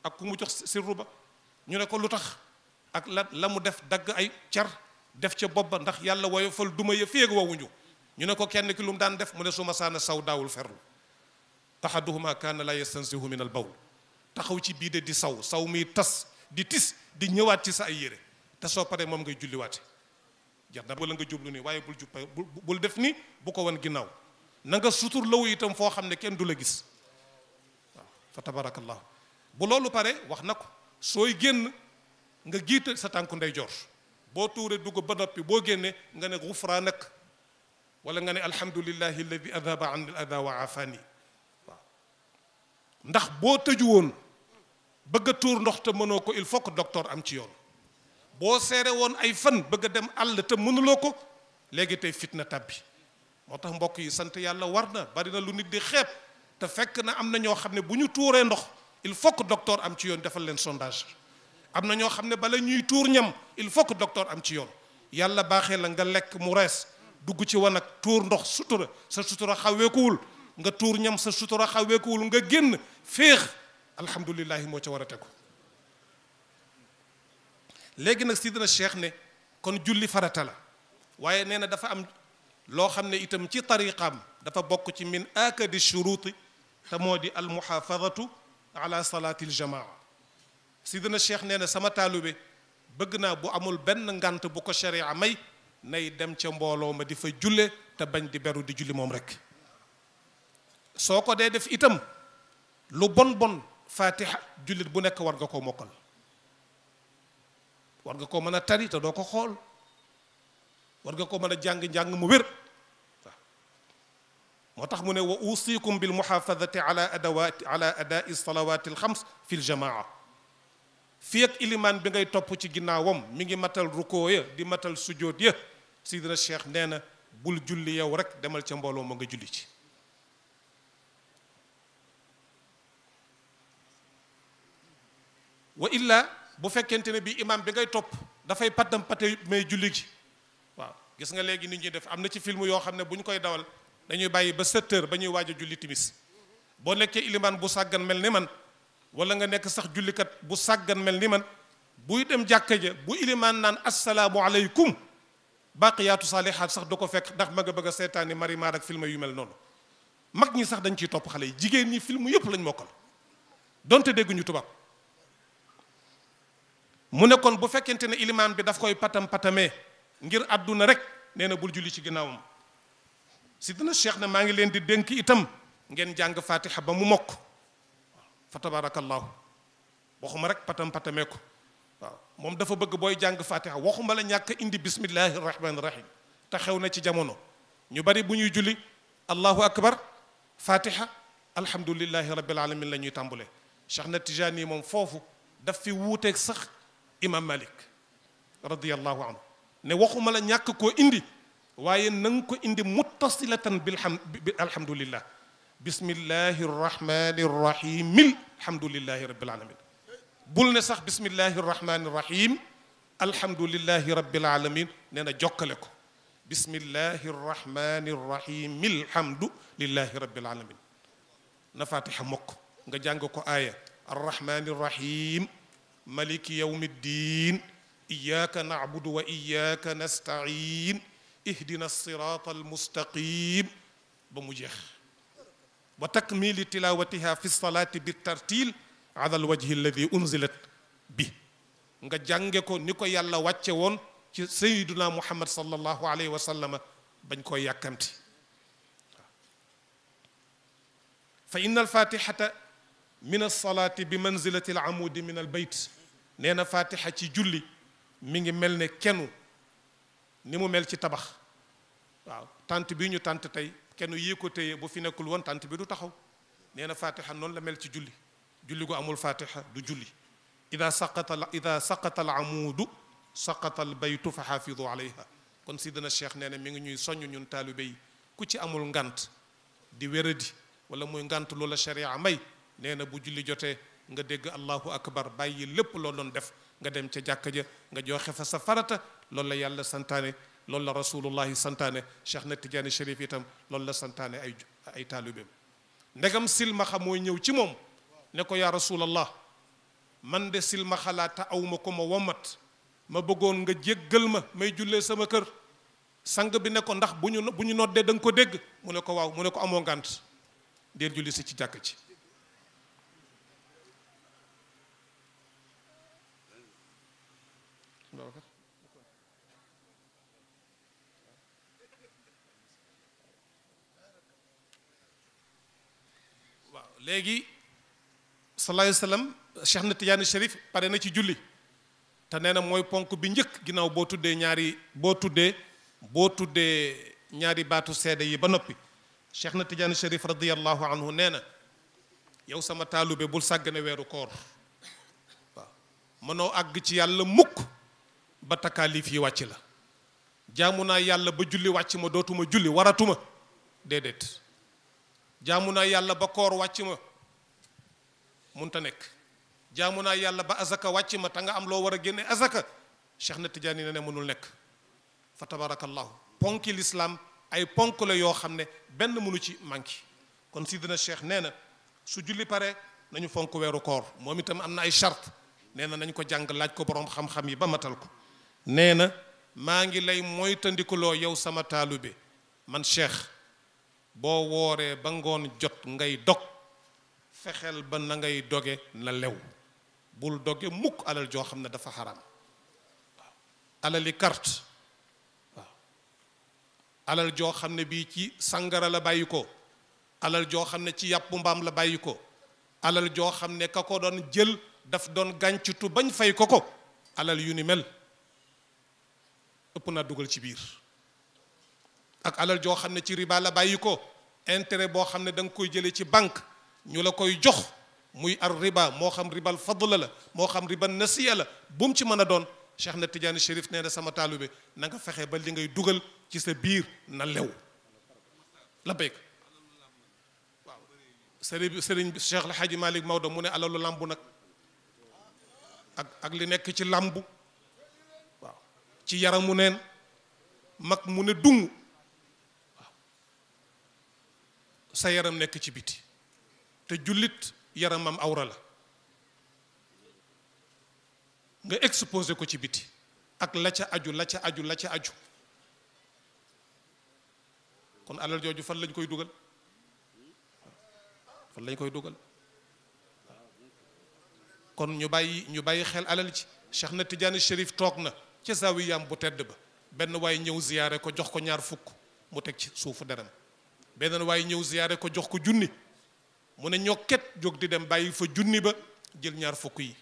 ak ku mu jox sirru ba ñu ne ko lu tax ak la la mu def dagg ay car def ca bopp ba ndax yàlla woyofal duma yëf féeg wowuñu ñu ne ko kenn ki lu mu daan def mu ne su ma saana saw daawul ferlu ahaduhuma kaana la yastansihu min al taxaw ci bii de di saw saw muy tas di tis di ñëwaat ci sa ay yére te soo paree moom ngay julliwaate jar na wala nga jublu nii waaye bul jub bul def nii bu ko wan ginnaaw na nga sutur lawu itam foo xam ne kenn du la gis waaw fa tabarakallahu bu loolu pare wax na ko sooy génn nga jiital sa tànku ndeyjoor boo tuuree dugg ba noppi boo génnee nga ne nag wala nga ne alhamdulillahi alladi adhaba an al adha wa afani ndax boo tëju woon bëgg a tuur ndox te mënoo ko il faut que docteur am ci yoon boo seere woon ay fan bëgg a dem àll te mënuloo ko léegi tey fitna tàbbi moo tax mbokk yi sant yàlla war na bari na lu nit di xeeb te fekk na am na ñoo xam ne bu ñu tuuree ndox il faut que docteur am ci yoon defal leen sondage am na ñoo xam ne bala ñuy tuur ñam il faut que docteur am ci yoon yàlla baaxee la nga lekk mu rees dugg ci wanag tuur ndox sutura sa sutura xaweekuwul nga tuur ñam sa sutura xaweekuwul nga génn féex alhamdulilahi moo ca war a tegu léegi nag sidina cheikh ne kon julli farata la waaye nee na dafa am loo xam ne itam ci tariqaam dafa bokk ci min akadi shuruuti te moo di almuhaafadatu ala salaatil jamaa sidina cheikh nee na sama taalube bëgg naa bu amul benn ngant bu ko sharia may nay dem ca mbooloo ma di fa julle te bañ di beru di julli moom rek soo ko dee def itam lu bon bon fatiha jullit bu nekk war nga koo mokkal war nga koo mën a tari te doo ko xool war nga ko mën a jàng njàng mu wér moo tax mu ne wa usikum bil muhafadati ala adawat ala adai salawati alxams fi ljamaa fii ak ilimaan bi ngay topp ci ginnaawam mi ngi matal rukoo ya di matal sujoot ya sidina cheikh nee na bul julli yow rek demal ca mbooloo ma nga julli ci wa illa bu fekkente ne bi imaam bi ngay topp dafay patam pate may julli gi waaw gis nga léegi nit ñuy def am na ci film yoo xam ne bu ñu koy dawal dañuy bàyyi ba 7 ba ñuy waaj a julli timis boo nekkee ilimaan bu sàggan mel ni man wala nga nekk sax jullikat bu sàggan mel ni man buy dem jàkka ja bu ilimaan naan assalaamu aleykum baaqiyaatu saalihaat sax du ko fekk ndax ma nga bëgg a seetaani marimaar ak film yu mel noonu mag ñi sax dañ ciy topp xale yi jigéen ñi film yëpp lañ mokkal donte dégguñu tubaab mu nekkoon bu fekkente ne ilimaan bi daf koy patam patamee ngir àdduna rek nee na bul julli ci ginnaawam sidina cheikh na maa ngi leen di dénk itam ngeen jàng fatiha ba mu mokk fa tabarakallahu waxuma rek patam patamee waaw moom dafa bëgg booy jàng fatiha waxuma la ñàkk indi bismillahi rahmani rahim te xew na ci jamono ñu bari bu ñuy julli allahu akbar fatiha alhamdulillahi rabbil alamin la ñuy tàmbule cheikh na tijaani moom foofu daf fi wuuteeg sax imam malik radiallahu anhu ne waxuma la ñàkk koo indi waaye na nga ko indi muttasilatan bil ham bi alhamdulillah bismillahi rahmani bul ne sax bismillahi rahmani rahim alhamdulillahi rabbil alamin nee na jokkale ko bismillahi rahmani rahim alhamdulillahi rabbil alamin na fatiha mokk nga jàng ko aaya arrahmani rahim maliki yawmi ddin ihdina siraata almustaqim ba mu jeex wa takmili tilawatiha fi lsalaati bi tartil ala alwajhi alladi unzilat bi nga jànge ko ni ko yàlla wàcce woon ci sayiduna muhammad sallallahu alayhi wa sallama bañ koy yàkkamti fa inna min alsalaati bi manzilati alamudi ci julli mi ngi mel ne kenu ni mu mel ci tabax waaw tànt bi ñu tànt tey kenn yii ko téye bu fi nekkul woon tànt bi du taxaw nee na fatiha noonu la mel ci julli julli ko amul fatiha du julli ida saqata ida saqata al amuudu saqata al baytu fa xaafidu alayha cheikh nee na mi ngi ñuy soññ ñun taalibe ku ci amul ngant di wéradi wala muy ngant loola sharia may nee na bu julli jotee nga dégg allahu akbar bàyyi lépp loo doon def nga dem ca jàkka ja nga joxe fa sa farata loolu la yàlla santaane loolu la rasulullahi santaane Cheikh na Tidiane Chérif itam loolu la santaane ay ay taalibeem ndegam silmaxa mooy ñëw ci moom ne ko yaa rasulallah man de silma xalaata te aw ma ko ma womat ma bëggoon nga jéggal ma may jullee sama kër sang bi ne ko ndax bu ñu ñu noddee danga ko dégg mu ne ko waaw mu ne ko amoo ngànt deel julli si ci jàkk ci waaw léegi sallallahu alayhi wa sallam na Tidiane Chérif pare na ci julli te nee na mooy ponk bi njëkk ginnaaw boo tuddee ñaari boo tuddee boo tuddee ñaari baatu seede yi ba noppi Cheikh na Tidiane Chérif radiyallahu anhu nee na yow sama taalube bul sàggane weeru koor waaw mënoo àgg ci yàlla mukk ba takaalif yi wàcc la jaamu naa yàlla ba julli wàcc ma dootuma julli waratuma déedéet jaamu naa yàlla ba koor wàcc ma munta nekk jaamu naa yàlla ba azaka wàcc ma te nga am loo war a génne azaka Cheikh na Tidiane ne ne mënul nekk fa tabarakallahu ponki lislaam ay ponk la yoo xam ne benn mënu ci manki kon sidina Cheikh nee na su julli pare nañu fonk weeru koor moom itam am na ay charte nee na nañ ko jàng laaj ko boroom xam-xam yi ba matal ko nee na maa ngi lay moytandikuloo yow sama taalube man Cheikh boo wooree ba ngoon jot ngay dog fexeel ba na doge na lew bul doge mukk alal joo xam ne dafa xaran waaw alali alal joo xam ne bii ci sàngara la bàyyi ko alal joo xam ne ci yàpp mbaam la bàyyi ko alal joo xam ne ka ko doon jël daf doon gàncutu bañ fay ko ko alal yu ni mel ëpp naa dugal ci biir ak alal joo xam ne ci riba la bàyyi ko intérêt boo xam ne danga koy jëlee ci banque ñu la koy jox muy ar riba moo xam ribal fadla la moo xam ribal nasiya la bu mu ci mën a doon Cheikh na Tidiane Chérif nee na sama taalibe na nga ba li ngay dugal ci sa biir na lew sëriñ sëriñ bi Cheikh Maodo mu ne alalu làmbu nag ak ak li nekk ci làmbu waaw ci yaramu neen mag mu ne dung sa yaram nekk ci biti te jullit yaramam awra la nga exposé ko ci biti ak la ca aju la ca aju la ca aju kon alal jooju fan lañ koy dugal fan lañ koy dugal kon ñu bàyyi ñu bàyyi xel alal ci Cheikh na Tidiane Chérif toog na ca zawiyaam bu tedd ba benn waaye ñëw ziyaare ko jox ko ñaar fukk mu teg ci suufu deram beneen waaye ñëw ziyaare ko jox ko junni mu ne ñokket jóg di dem bàyyi fa junni ba jël ñaar fukk yi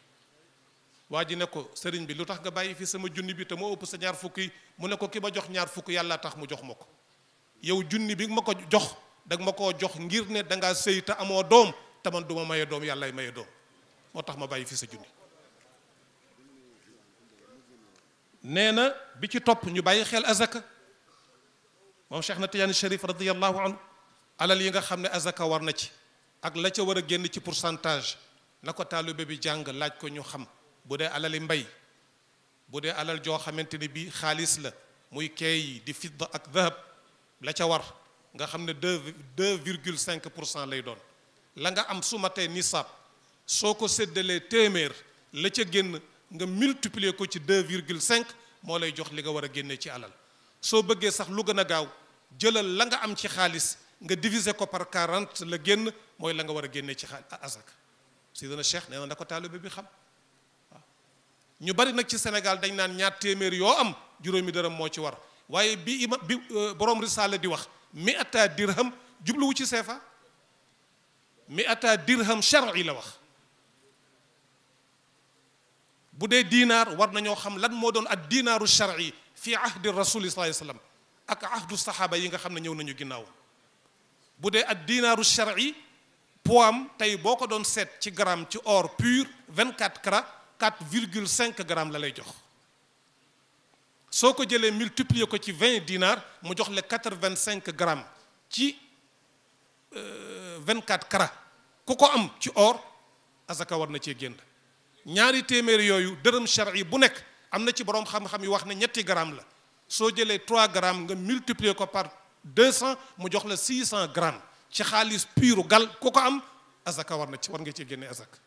waa ji ne ko sëriñ bi lu tax nga bàyyi fi sama junni bi te moo ëpp sa ñaar fukk mu ne ko ki ma jox ñaar fukk yàlla tax mu jox ma ko yow junni bi ma ko jox danga ma ko jox ngir ne dangaa sëy te amoo doom te man du ma maye doom yàllaay maye doom moo tax ma bàyyi fi sa junni nee na bi ci topp ñu bàyyi xel azaka moom Cheikh na Tidiane Chérif radiallahu anhu alal yi nga xam ne azaka war na ci ak la ca war a génn ci pourcentage na ko taalibe bi jàng laaj ko ñu xam bu dee alali mbay bu dee alal joo xamante ni bii xaalis la muy keey di fidda ak dahab la ca war nga xam ne deux deux virgule cinq pour cent lay doon la nga am su matee nisaab soo ko séddalee téeméer la ca génn nga multiplier ko ci deux virgule cinq moo lay jox li nga war a génne ci alal soo bëggee sax lu gën a gaaw jëlal la nga am ci xaalis nga diviser ko par 40 la génn mooy la nga war a génnee ci xaalis asaka Seydina Cheikh nee na na ko taalibe bi xam ñu bari nag ci Sénégal dañ naan ñaar téeméer yoo am juróomi dërëm moo ci war waaye bi ima bi euh, borom risaale di wax mi ata dirham jubluwu ci CFA mi ata dirham shar'i la wax bu dee diinaar war nañoo xam lan moo doon ak diinaaru shar'i fi ahdi rasuli sallallahu alayhi wasallam ak ahdu saxaaba yi nga xam ne ñëw nañu ginnaaw bu dee ak dinaaru shar'i poids am tey boo ko doon seet ci gramme ci or pur 24 carats 4 virgule cinq gramme la lay jox soo ko jëlee multiplier ko ci 20 dinars mu jox la 85 grammes ci 24 euh, carats ku ko am ci or azaka war na cee génn ñaari téeméer yooyu dërëm shar'i bu nekk am na ci boroom xam-xam yi wax ne ñetti grammes la soo jëlee 3 grammes nga multiplier ko par 200 mu jox la 600 grammes ci xaalis piiru gal ku ko am azaka war na ci war nga ci génne azaka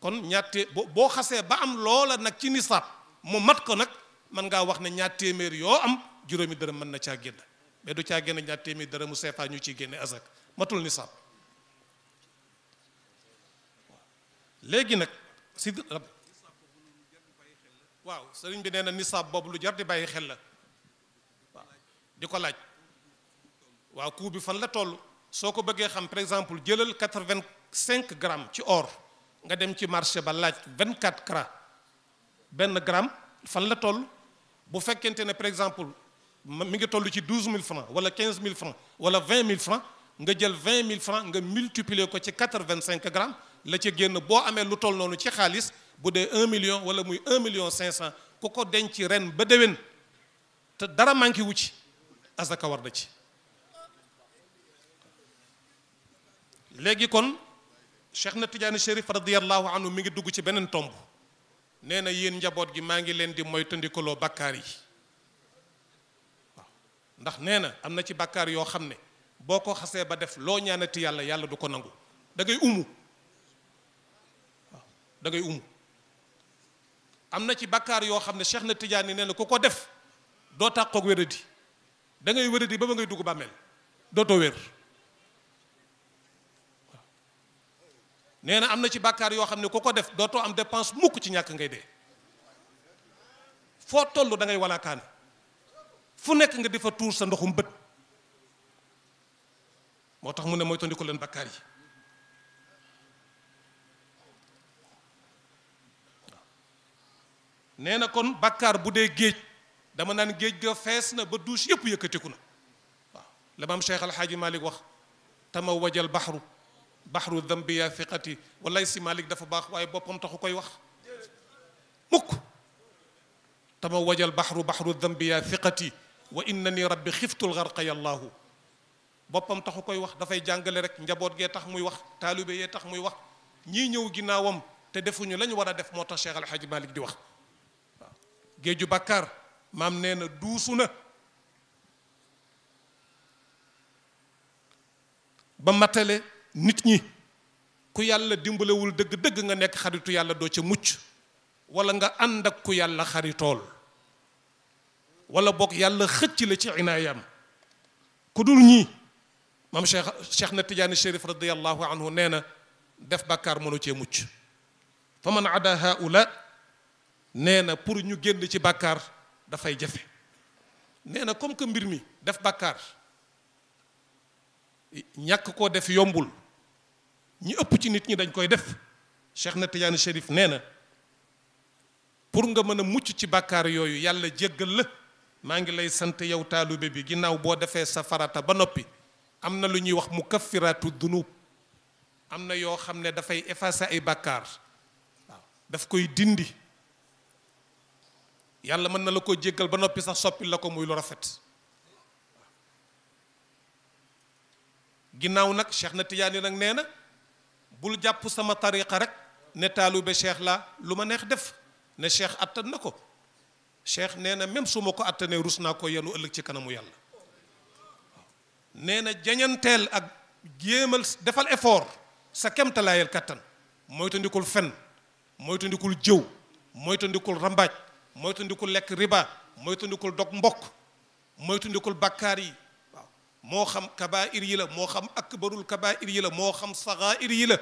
kon ñaate boo xasee ba am loola nag ci nisaab mu mat ko nag mën ngaa wax ne ñaar téeméer yoo am juróomi dërëm mën na caa génn mais du caa génn ñaar téeméer dërëmu seefaa ñu ciy génne azak matul nisaab léegi nag si waaw sëriñ bi nee na nisaab boobu lu jar di bàyyi xel la waaw di ko laaj waaw coût bi fan la toll soo ko bëggee xam par exemple jëlal quatre-vingt-cinq gramme ci or nga dem ci marché ba laaj vingt-quatre carats benn gramme fan la toll bu fekkente ne par exemple mi ngi toll ci douze mille francs wala quinze mille francs wala vingt mille francs nga jël vingt mille francs nga multiplier ko ci quatre-vingt-cinq grammes la ca génn boo amee lu toll noonu ci xaalis bu dee un million wala muy un million cinq cent ku ko denc ren ba dewen te dara manqué wu ci asaka war na ci léegi kon cheikh na tijaani chérif radiallahu anhu mi ngi dugg ci beneen tomb nee na yéen njaboot gi maa ngi leen di moytandikuloo bàkkaar yi waaw ndax nee na am na ci bàkkaar yoo xam ne boo ko xasee ba def loo ñaanati yàlla yàlla du ko nangu da ngay umu waaw da umu am na ci bakkaar yoo xam ne Cheikh na Tidiane nee na ku ko def doo tàqoog wéradi da ngay wéradi ba ba ngay dugg bàmmeel dootoo wér nee na am na ci bakkaar yoo xam ne ku ko def dootoo am dépense mukk ci ñàkk ngay dee foo toll da ngay walaakaan fu nekk nga di fa tuur sa ndoxum bët moo tax mu ne mooy tondiku leen bakkaar yi nee na kon bàkkaar bu dee géej dama naan géej ga fees na ba duus yëpp yëkkatiku na waaw la maam Cheikh Alhaaji Malick wax tama wajal baxru baxru dambiya fiqati walay si Malick dafa baax waaye boppam taxu koy wax mukk tama wajal baxru baxru dambiya fiqati wa inna ni rabbi xiftul garqa yallaahu boppam taxu koy wax dafay jàngale rek njaboot gee tax muy wax taalibe yee tax muy wax ñii ñëw ginnaawam te defuñu la ñu war a def moo tax Cheikh Alhaaji Malick di wax géeju bàkkaar maam nee na duusu na ba matale nit ñi ku yàlla dimbalewul dëgg-dëgg nga nekk xaritu yàlla doo ca mucc wala nga ànd ak ku yàlla xaritool wala boog yàlla xëcc la ci inaayam ku dul ñii maam cheikh cheikh na tijaani chérif radiallahu anhu nee na def bàkkaar mënu cee mucc fa man ada haula nee na pour ñu génn ci bàkkaar dafay jafe nee na comme que mbir mi def bàkkaar ñàkk koo def yombul ñi ëpp ci nit ñi dañ koy def Cheikh na Tidiane Chérif nee na pour nga mën a mucc ci bàkkaar yooyu yàlla jéggal la maa ngi lay sant yow taalube bi ginnaaw boo defee sa farata ba noppi am na lu ñuy wax mu kaffiraatu dunub am na yoo xam ne dafay effacer ay bàkkaar waaw daf koy dindi yàlla mën na la ko jéggal ba noppi sax soppi la ko muy lu rafet ginnaaw nag Cheikh na Tijaani nag nee na bul jàpp sama tariqa rek ne taalube Cheikh laa lu ma neex def ne Cheikh attan na ko Cheikh nee na même su ko attanee rus naa ko yenu ëllëg ci kanamu yàlla nee na jañanteel ak jéemal defal effort sa kemtalaayal kàttan moytandikul fen moytandikul jëw moytandikul rambaaj moytandikul lekk riba moytandikul dog mbokk moytandikul bakkaar yi waaw moo xam kabair yi la moo xam barul kabair yi la moo xam sagair yi la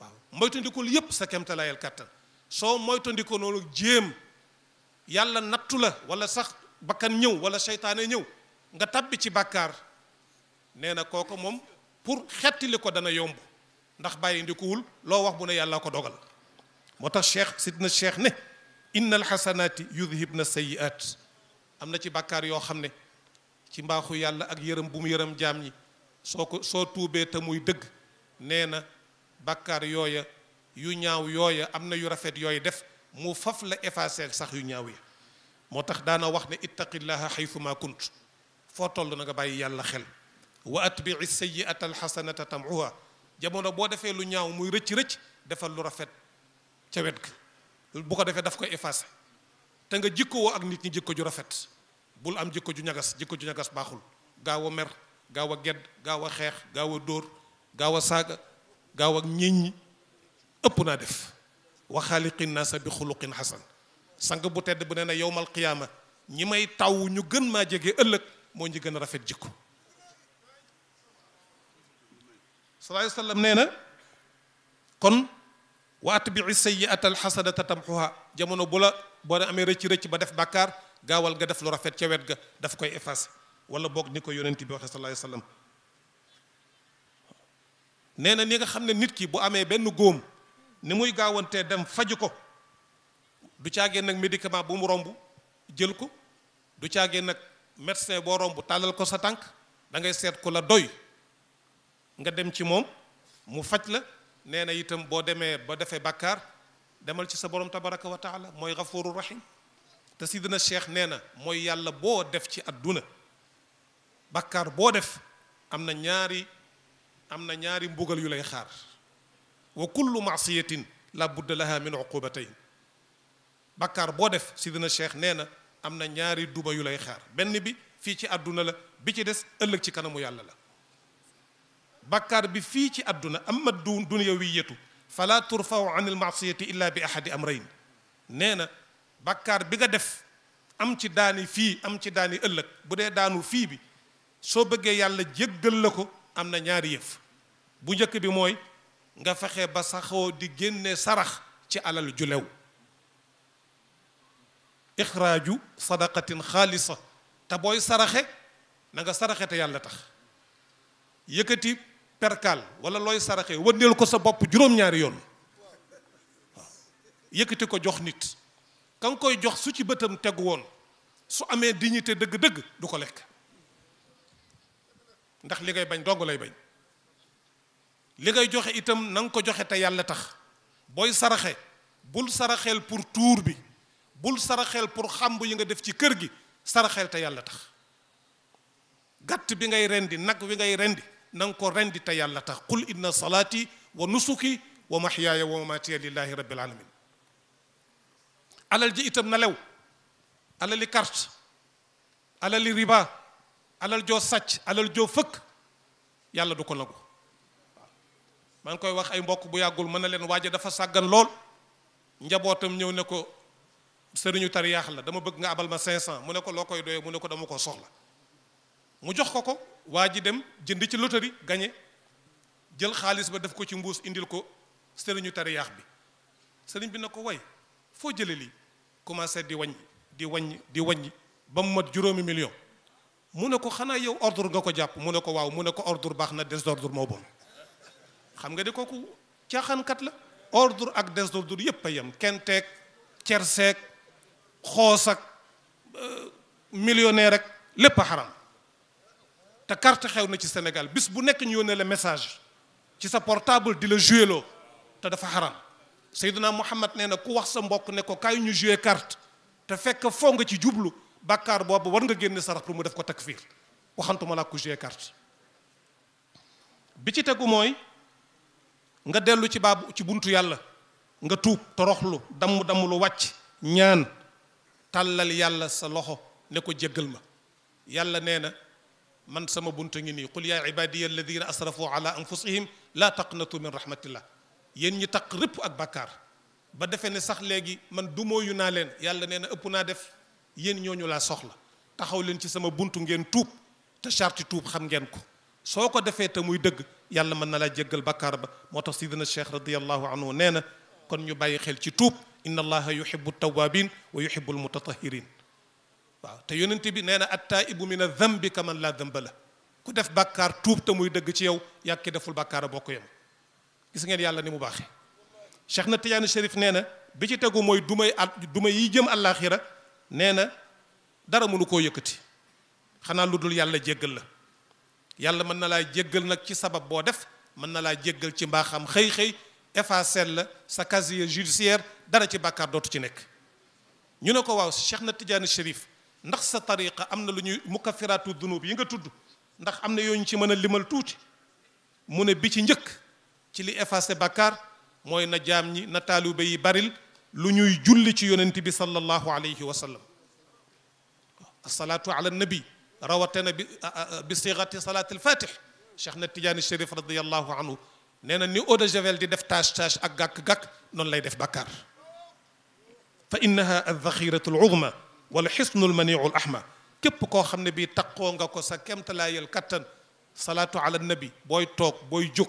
waaw moytandikul yépp sa kemtalaayal kàttan soo moytandikoo noonu jéem yàlla nattu la wala sax bakkan ñëw wala seytaane ñëw nga tabbi ci bàkkaar nee na kooku moom pour xettili ko dana yomb ndax bàyyi ndikuwul loo wax bu ne yàlla ko dogal moo tax cheikh sidna cheikh ne innal xasanaati yudhibna sayiat am na ci bàkkaar yoo xam ne ci mbaaxu yàlla ak yërëm bu mu yërëm jaam yi soo ko soo tuubee te muy dëgg nee na bàkkaar yooya yu ñaaw yooya am na yu rafet yooy def mu faf la effacer sax yu ñaaw yi moo tax daana wax ne ittaqillaha xaythuma kunt foo toll na nga bàyyi yàlla xel wa atbii sayiata tam tamuha jamono boo defee lu ñaaw muy rëcc rëcc defal lu rafet ca wet ga bu ko defee daf koy effacé te nga jikkoo ak nit ñi jikko ju rafet bul am jikko ju ñagas jikko ju ñagas baaxul gaaw a mer gaaw a gedd gaaw a xeex gaaw a dóor gaaw a saaga gaaw ak ñiñ ëpp naa def wa xaaliqin naasa bi xuluqin xasan sang bu tedd bu nee na yowmal qiyaama ñi may taw ñu gën maa jege ëllëg moo ñi gën a rafet jikko sallallahu alayhi wa sallam nee na kon waat wa atbii sayiata alxasanata tamxuha jamono bu la boo ne amee rëcc rëcc ba def bàkkaar gaawal nga def lu rafet ca wet ga daf koy effacé wala boog ni ko yonent bi waxe sallallahu alayhi wasallam nee na ni nga xam ne nit ki bu amee benn góom ni muy gaawantee dem faju ko du caagee nag médicament bu mu romb jël ko du caagee nag médecin boo romb tàllal ko sa tànk da ngay seet ko la doy nga dem ci moom mu faj la nee na itam boo demee ba defee bàkkaar demal ci sa borom tabaraka wa taala mooy gafuru rahim te sidina cheikh nee na mooy yàlla boo def ci àdduna bàkkaar boo def am na ñaari am na ñaari mbugal yu lay xaar wa kullu maasiyatin la budda laha min uqubatayn bàkkaar boo def sidina cheikh nee na am na ñaari duba yu lay xaar benn bi fii ci àdduna la bi ci des ëllëg ci kanamu yàlla la bàkkaar bi fii ci àdduna amma du dunyawiyatu fala turfau an il maasiyati illa bi ahadi amrayn nee na bàkkaar bi nga def am ci daani fii am ci daani ëllëg bu dee daanu fii bi soo bëggee yàlla jéggal la ko am na ñaari yëf bu njëkk bi mooy nga fexe ba saxoo di génne sarax ci alal ju lew sadaqatin xaalisa te booy saraxe na nga saraxe te yàlla tax yëkkati perkaal wala looy saraxe wëndeel ko sa bopp juróom-ñaari yoon waaw yëkkati ko jox nit ka koy jox su ci bëtam tegu woon su amee dignité dëgg-dëgg du ko lekk ndax li ngay bañ dong lay bañ li ngay joxe itam na nga ko joxe te yàlla tax booy saraxe bul saraxeel pour tuur bi bul saraxeel pour xàmb yi nga def ci kër gi saraxeel te yàlla tax gàtt bi ngay rendi nag wi ngay rendi na nga ko rendi te yàlla tax qul inna salaati wa nusuki wa mahyaaya wa mamaatiya lillahi rabbil alamin alal ji itam na lew alali carte alali riba alal joo sàcc alal joo fëkk yàlla du ko nangu maa ngi koy wax ay mbokk bu yàggul mën a leen waaje dafa sàggan lool njabootam ñëw ne ko sëriñu tariyaax la dama bëgg nga abal ma 500 mu ne ko loo koy doyee mu ne ko dama ko soxla mu jox ko ko waa ji dem jënd ci loterie gagné jël xaalis ba def ko ci mbuus indil ko seriñu tariyaax bi sëriñ bi na ko way foo jëlee lii commencé di wàññi di waññ di wàññi ba mu mat juróomi million mu ne ko xanaa yow ordre nga ko jàpp mu ne ko waaw mu ne ko ordre baax na désordre moo bon xam nga di kooku caaxaankat la ordre ak désordre yépp a yem kenteeg cerseeg xoos ak euh, millionnaire rek lépp a xaram te carte xew na ci Sénégal bis bu nekk ñu yónnee la message ci sa portable di la joueloo te dafa xaram Seydina Muhammad nee na ku wax sa mbokk ne ko kaay ñu jouer carte te fekk foo nga ci jublu bàkkaar boobu war nga génn sarax pour mu def ko fiir waxantuma laa ko jouer carte bi ci tegu mooy nga dellu ci baabu ci buntu yàlla nga tuub toroxlu damm damm lu wàcc ñaan tàllal yàlla sa loxo ne ko jéggal ma yàlla nee na man sama buntu ngi nii qul yaa ibadiya alladina asrafu ala anfusihim laa taqnatu min rahmatillah yéen ñi taq rëpp ak bakkaar ba defee ne sax léegi man dumóoyu naa leen yàlla nee na ëpp naa def yéen ñu laa soxla taxaw leen ci sama bunt ngeen tuub te charti tuub xam ngeen ko soo ko defee te muy dëgg yàlla mën na laa jéggal bàkkaar ba moo tax sidina cheikh radiallahu anhu nee na kon ñu bàyyi xel ci tuub inna allaha yuhibu tawabin wa yuhibu almutatahirin waaw te yonent bi nee na attaibu min adambi kaman laa damba la ku def bàkkaar tuub te muy dëgg ci yow yàgg ki deful bàkkaar a bokk yam gis ngeen yàlla ni mu baaxee Cheikh na Tidiane Chérif nee na bi ci tegu mooy dumay at duma yi jëm àllaaxira nee na dara mënu koo yëkkati xanaa lu dul yàlla jéggal la yàlla mën na laa jéggal nag ci sabab boo def mën na laa jéggal ci mbaaxam xëy xëy effacer la sa casier judiciaire dara ci bàkkaar dootu ci nekk ñu ne ko waaw Cheikh na Tidiane Chérif ndax sa tariqa am na lu ñuy mukaffiraatu dunub yi nga tudd ndax am na yooñu ci mën a limal tuuti mu ne bi ci njëkk ci li effacé bàkkaar mooy na jaam ñi na taalibe yi baril lu ñuy julli ci yonent bi sallallahu alayhi wa sallam asalaatu ala nabi rawatena bi bi sigati salaat alfatih cheikh na tijaani chérif radiallahu anhu nee na ni eau de javel di def tache tache ak gàkk-gàkk noonu lay def bàkkaar fa innaha aldaxiratu aluzma wala xisnul maniul ahma képp koo xam ne bii taqoo nga ko sa kemtalaayal kattan salaatu ala nabi booy toog booy jóg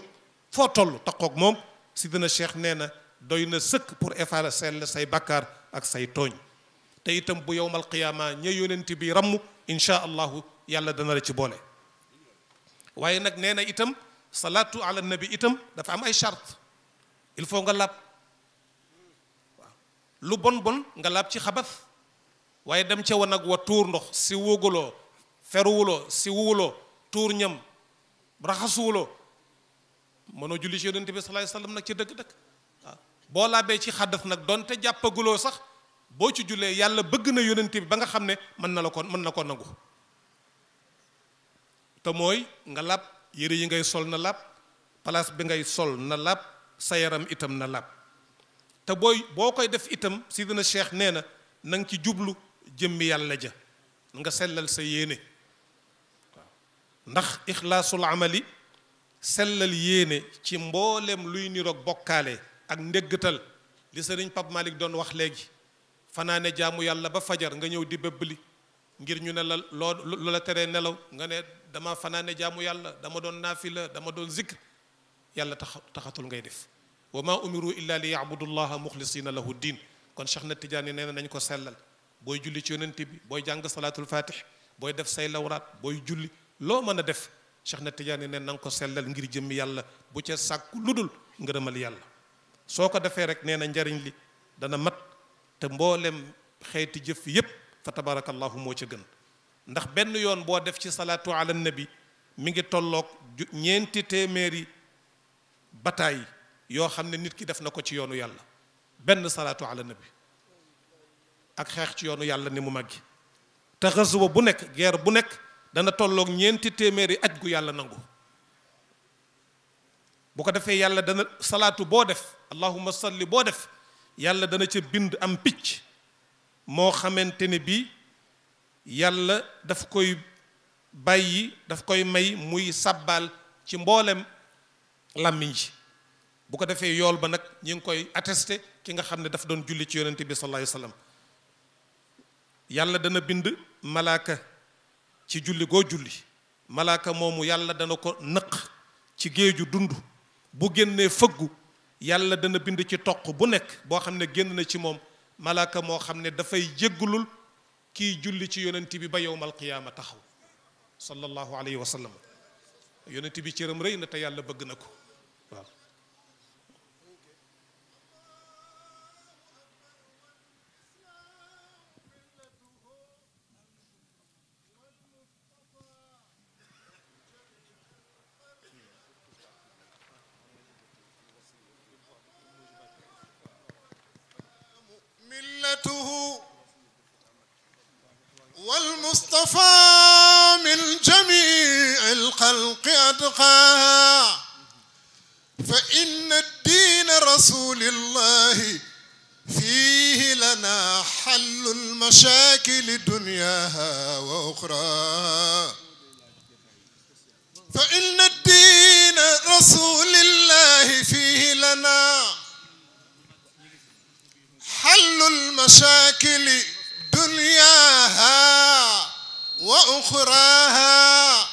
foo toll taqoog moom sidina cheikh nee na doy na sëkk pour effacer la say bakkaar ak say tooñ te itam bu yowmal qiyaama ña bi ramm inchaa allahu yàlla dana la ci boole waaye nag nee na itam salaatu ala nabi itam dafa am ay charte il faut nga laab lu bon bon nga laab ci xabas waaye dem ca wanag wa tuur ndox si wóogaloo feruwuloo si wuwuloo tuur ñam raxasuwuloo mënoo julli ci yonent bi sallallahu alayhi wasallam nag ci dëkk dëgg waaw boo laabee ci xaddas nag donte jàppaguloo sax boo ci jullee yàlla bëgg na yonent bi ba nga xam ne mën na la ko mën na ko nangu te mooy nga laab yére yi ngay sol na laab place bi ngay sol na laab sa yaram itam na laab te booy boo koy def itam si sidina cheikh nee na na nga ci jublu jëmmi yàlla ja nga sellal sa yéene waaw ndax ixlaasul amali sellal yéene ci mboolem luy niroog bokkaale ak ndéggatal li sëriñ Pape Malick doon wax léegi fanaane jaamu yàlla ba fajar nga ñëw di bëbbali ngir ñu ne la loo la teree nelaw nga ne dama fanaane jaamu yàlla dama doon naafila dama doon zikr yàlla tax taxatul ngay def wa ma umiru illa li yaabudullaha muxlisina lahu diin kon Cheikh na Tidiane nee na nañ ko sellal booy julli ci yonent bi booy jàng salaatul fatih booy def say lawraat booy julli loo mën a def Cheikh na Tidiane ne na nga ko sellal ngir jëmmi yàlla bu ca sàkku ludul ngërëmal yàlla soo ko defee rek nee na njariñ li dana mat te mboolem xeeti jëf yépp fa tabarakallahu moo ca gën ndax benn yoon boo def ci salaatu ala nabi mi ngi tolloog ñeenti téeméeri ba bataay yoo xam ne nit ki def na ko ci yoonu yàlla benn salaatu ala nabi ak xeex ci yoonu yàlla ni mu màggi te xasuwa bu nekk geer bu nekk dana tollook ñeenti téeméeri aj gu yàlla nangu bu ko defee yàlla dana salaatu boo def allahumma salli boo def yàlla dana ca bind am picc moo xamante ne bii yàlla daf koy bàyyi daf koy may muy sàbbaal ci mboolem làmmiñ ji bu ko defee yool ba nag ñu ngi koy attesté ki nga xam ne daf doon julli ci yonente bi sallallahu alayhi wa yàlla dana bind malaaka ci julli goo julli malaaka moomu yàlla dana ko nëq ci géeju dund bu génnee fëggu yàlla dana bind ci toq bu nekk boo xam ne génn na ci moom malaaka moo xam ne dafay jéggulul kiy julli ci yonent bi ba yowmal qiyaama taxaw sallallahu alayhi wa sallam yonent bi cëram rëy na te yàlla bëgg na ko وسنته والمصطفى من جميع الخلق أتقاها فإن الدين رسول الله فيه لنا حل المشاكل دنياها وأخراها فإن الدين رسول الله فيه لنا حل المشاكل دنياها وأخراها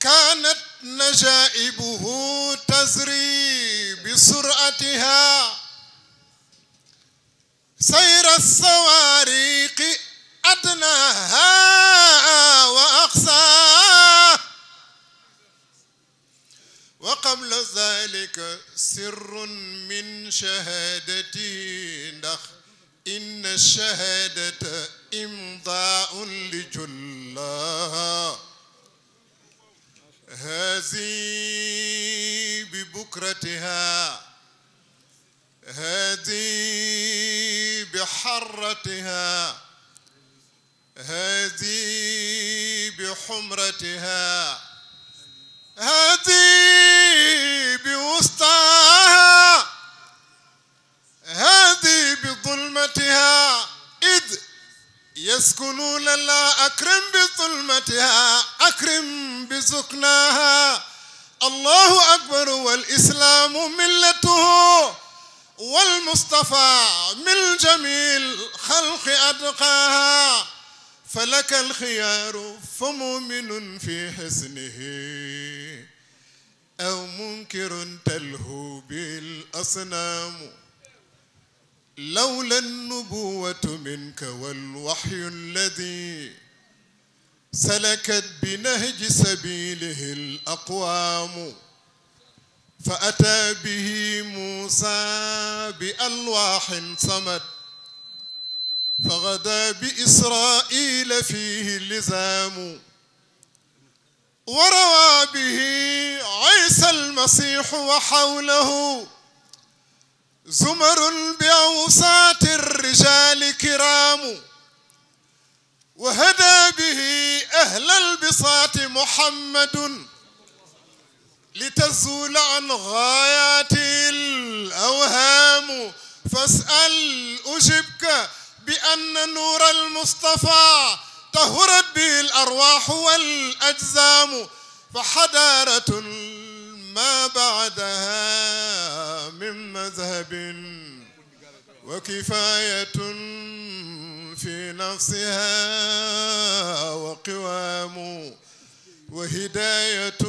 كانت نجائبه تزري بسرعتها سير الصواريق أدناها وأقصاها wa qabla zalika sirrun min shahadati ndax inna shahadata imdaaun li jullaha hazi bi bukratiha هذه بحرتها هذه بحمرتها هذه بوسطاها هذه بظلمتها إذ يسكنون لا أكرم بظلمتها أكرم بسكناها الله أكبر والإسلام ملته والمصطفى من جميل خلق أدقاها فلك الخيار فمؤمن في حسنه أو منكر تلهو به الأصنام لولا النبوة منك والوحي الذي سلكت بنهج سبيله الأقوام فأتى به موسى بألواح صمت فغدا بإسرائيل فيه اللزام وروى به عيسى المسيح وحوله زمر بأوساط الرجال كرام وهدى به أهل البساط محمد لتزول عن غاياته الأوهام فاسأل أجبك بأن نور المصطفى طهرت به الأرواح والأجسام فحضارة ما بعدها من مذهب وكفاية في نفسها وقوام وهداية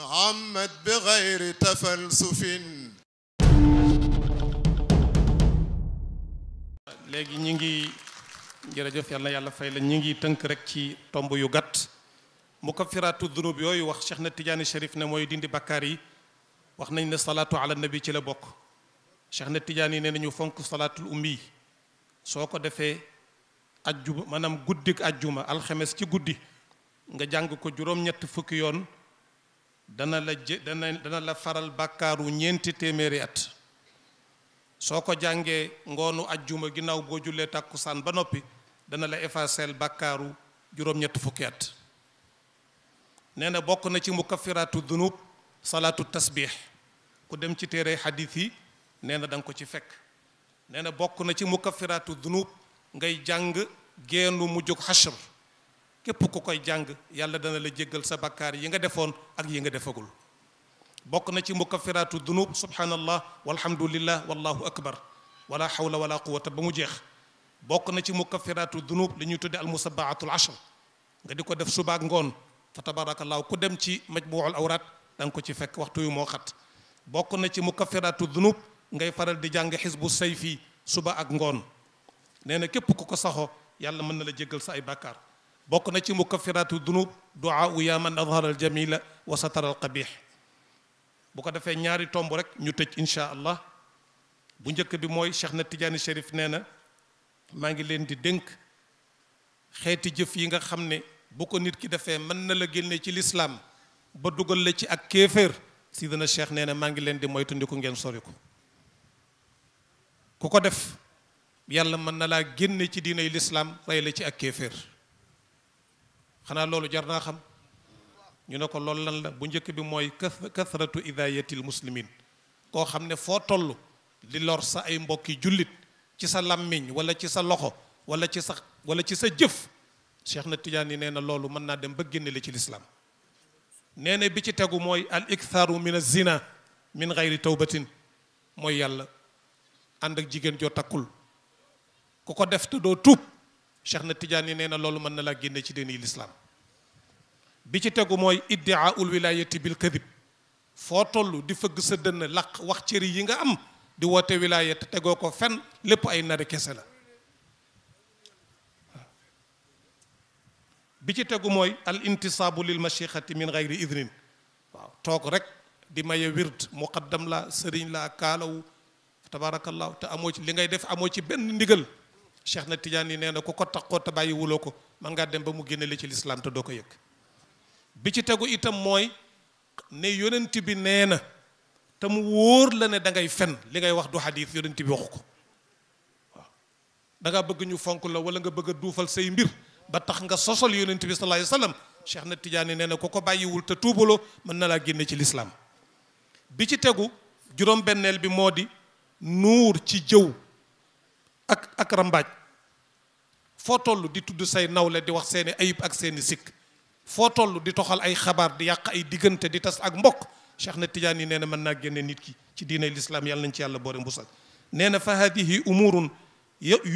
عمت بغير تفلسف léegi ñu ngi jërëjëf yàlla yàlla fay la ñu ngi tënk rek ci tomb yu gàtt mu kafiraatu dunub yooyu wax Cheikh na Tidiane Chérif ne mooy dindi bakkaar yi wax nañ ne salaatu ala nabi ci la bokk Cheikh na Tidiane yi nee nañu fonk salaatul ummi soo ko defee ajjuma maanaam guddik ajjuma alxemes ci guddi nga jàng ko juróom-ñett fukki yoon dana la jë dana la faral bàkkaaru ñeenti téeméeri at soo ko jàngee ngoonu ajjuma ginnaaw boo jullee tàkkusaan ba noppi dana la effacer bàkkaaru juróom-ñett fukki at nee na bokk na ci mukaffiraatu dunub salaatu tasbiix ku dem ci téere xadiis yi nee na da ko ci fekk nee na bokk na ci mukaffiraatu dunub ngay jàng génnu mujjug xashr képp ku koy jàng yàlla dana la jéggal sa bakkaar yi nga defoon ak yi nga defagul bokk na ci mukaffiraatu dunub subhanallah walhamdulillah wallahu akbar wala hawla walaa quwata ba mu jeex bokk na ci mukaffiratu dunub li ñuy tudde al musabaatul ashr nga di ko def subaak ngoon fa tabarakallahu ku dem ci majmuul awraat da nga ko ci fekk waxtu yu moo xat bokk na ci mukaffiratu dunub ngay faral di jàng xisbu sayfi suba ak ngoon nee na képp ku ko saxo yàlla mën na la jéggal sa ay bàkkaar bokk na ci mukaffiratu dunub duaa u yaa man adhara al jamila wa satara al qabih bu ko defee ñaari tomb rek ñu tëj incha allah bu njëkk bi mooy cheikh na tijaani shérif nee na maa ngi leen di dénk xeeti jëf yi nga xam ne bu ko nit ki defee mën na la génne ci lislaam ba dugal la ci ak kéeféer si dana cheikh nee na maa ngi leen di moytundiku ngeen sori ko ku ko def yàlla mën na laa génne ci diinay lislaam rey la ci ak kéeféer xanaa loolu jar naa xam ñu ne ko loolu lan la bu njëkk bi mooy kathratu idaayatil muslimin koo xam ne foo toll di lor sa ay mbokki jullit ci sa làmmiñ wala ci sa loxo wala ci sa wala ci sa jëf Cheikh na Tidiane yi nee na loolu mën naa dem ba génne la ci lislaam nee na bi ci tegu mooy al iktharu min az-zina min gayri tawbatin mooy yàlla ànd ak jigéen joo takkul ku ko def te doo tuub Cheikh na Tidiane yi nee na loolu mën na laa génne ci diini lislaam bi ci tegu mooy iddiaa ul wilayati bil kadib foo toll di fëgg sa dënn laq wax cëri yi nga am di woote wilaaya tegoo ko fenn lépp ay nari kese la bi ci tegu mooy al intisaabu lil machiqati min gayri idnin waaw toog rek di maye wird muqaddam la sëriñ la kaalawu tabaarakallaahu te amoo ci li ngay def amoo ci benn ndigal cheikh na tijaan yi nee na ku ko taxoo te bàyyi wuloo ko man ngaa dem ba mu génne li ci lislaam te doo ko yëg bi ci tegu itam mooy ne yonent bi nee na te mu wóor la ne da ngay fen li ngay wax du xadiis yonent bi waxu ko waaw da bëgg ñu fonk la wala nga bëgg a duufal say mbir ba tax nga sosol yonent bi sallallahu alayhi wasallam nee na ku ko bàyyiwul te tuubaloo mën na laa génne ci lislaam bi ci tegu juróom bi moo di nuur ci jëw ak foo toll di tudd say nawle di wax seeni ayib seeni sikk foo toll di toxal ay xabaar di yàq ay diggante di tas ak mbokk Cheikh na Tidiane yi nee na mën naa génne nit ki ci diine l'islam yàlla nañ ci yàlla boore mbusal nee na fa hadihi umurun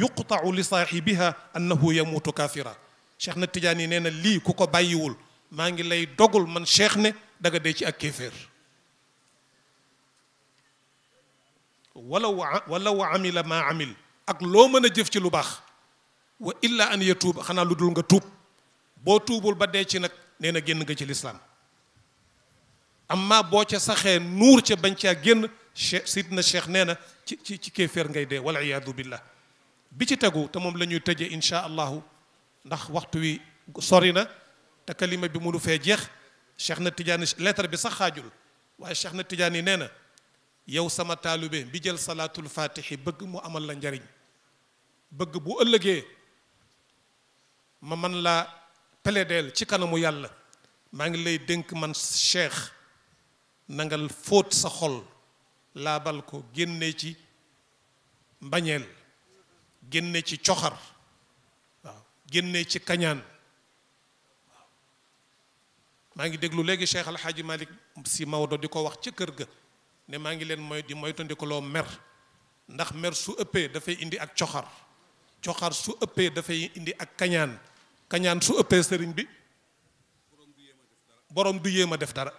yuqtau li saahibiha annahu yamuutu kaafira Cheikh na Tidiane yi nee na lii ku ko bàyyiwul maa ngi lay dogul man cheikh ne daga dee ci ak kéeféer walaw walaw amila maa amil ak loo mën a jëf ci lu baax wa illa an yatuub xanaa lu dul nga tuub boo tuubul ba dee ci nag nee na génn nga ci lislaam amma boo ca saxee nuur ca bañ caa génn cheikh na cheikh nee na ci ci ci kéeféer ngay dee wal iyaadu billah bi ci tegu te moom la ñuy tëjee incha allahu ndax waxtu wi sori na te kalima bi mënu fee jeex cheikh na tijaani lettre bi sax xaajul waaye cheikh na tijaani nee na yow sama taalube bi jël salaatul fatihi bëgg mu amal la njariñ bëgg bu ëllëgee ma man laa peledeel ci kanamu yàlla maa ngi lay dénk man cheikh nangal fóot sa xol laabal ko génne ci mbañeel génne ci coxar waaw génne ci kañaan maa ngi déglu léegi Cheikh xaaji malik Malick si Maodo di ko wax ca kër ga ne maa ngi leen mooy di moytandikuloo mer ndax mer su ëppee dafay indi ak coxar coxar su ëppee dafay indi ak kañaan kañaan su ëppee sëriñ bi borom du yéem a def dara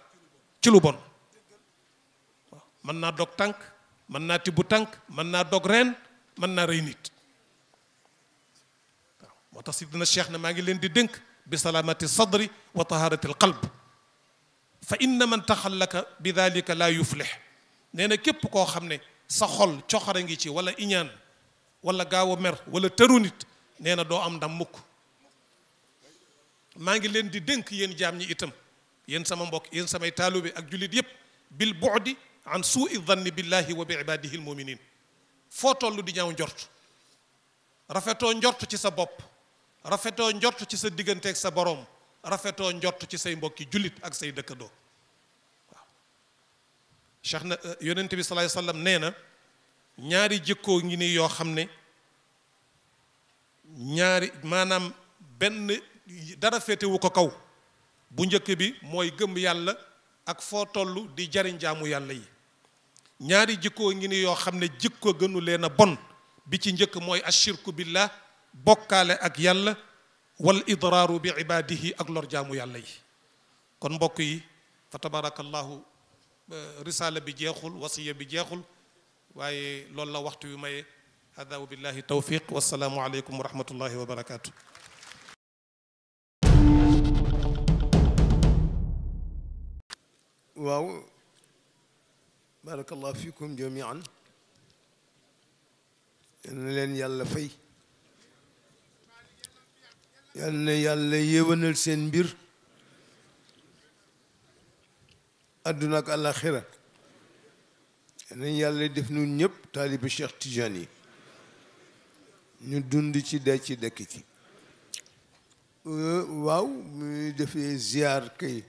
ci lu bon mën naa dog tànk mën naa tibbu tànk mën naa dog reen mën naa rey nit moo tax si dina cheikh ne maa ngi leen di dënk bi salaamati sadri wa taharati al qalb fa inna man taxallaka bi dalika laa yuflix nee na képp koo xam ne sa xol coxara ngi ci wala iñaan wala gaaw a mer wala tëru nit nee na doo am ndam mukk maa ngi leen di dënk yéen jaam ñi itam yéen sama mbokk yéen samay taalube ak jullit yépp bil bu'di an suui danni billahi wa bi ibadihi lmuminin foo toll di ñaaw njort rafetoo njort ci sa bopp rafetoo njort ci sa digganteeg sa borom rafetoo njort ci say mbokki jullit ak say dëkkandoo cheikh na euh, yonente bi sallallahu alayhi nee na ñaari jëkkoo ngi ni yoo xam ne ñaari maanaam benn dara féetewu ko kaw bu njëkk bi mooy gëm yàlla ak foo toll di jariñ jaamu yàlla yi ñaari jikkoo ngi ni yoo xam ne jikko gënu leen a bon bi ci njëkk mooy ashirku billah bokkaale ak yàlla wal idraaru bi ibaadihi ak lor jaamu yàlla yi kon mbokk yi fa tabarakallahu risaala bi jeexul wasiya bi jeexul waaye loolu la waxtu yu maye hada wa billahi tawfiq wasalaamu aleykum wa rahmatullahi wa waaw barakallahu fikum jamian yal leen yàlla fay yal na yàlla yéwénal seen mbir àdduna ak àlaxira yàlla def nu ñëpp taalibi Cheikh Tidiane yi ñu dund ci dee ci dekk ci waaw mu defee ziar kay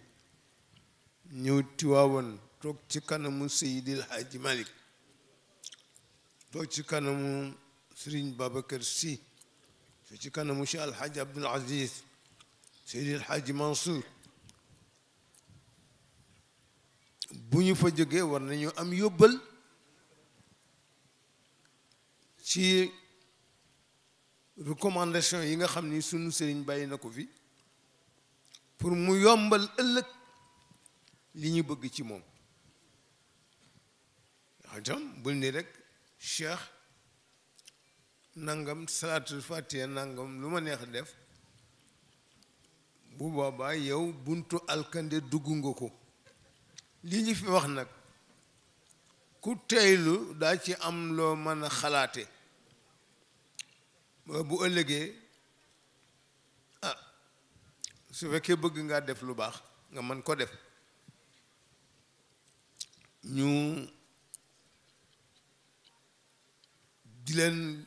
ñëw Tiwaawan toog ci kanamu Seydil Hadji Malick toog ci kanamu Serigne Babacar Sy toog ci kanamu Cheikh Alhaji Abdoul Aziz Seydil Hadji Mansour bu ñu fa jógee war nañu am yóbbal ci recommandation yi nga xam ni sunu sëriñ bàyyi na ko fi pour mu yombal ëllëg li ñu bëgg ci moom itam bul ni rek cheikh nangam salaatul fatiha nangam lu ma neex def bu boobaa yow buntu alkande dugg nga ko lii ñu fi wax nag ku teylu daa ci am loo mën a xalaate bu ëllëgee ah su fekkee bëgg ngaa def lu baax nga mën ko def ñu di leen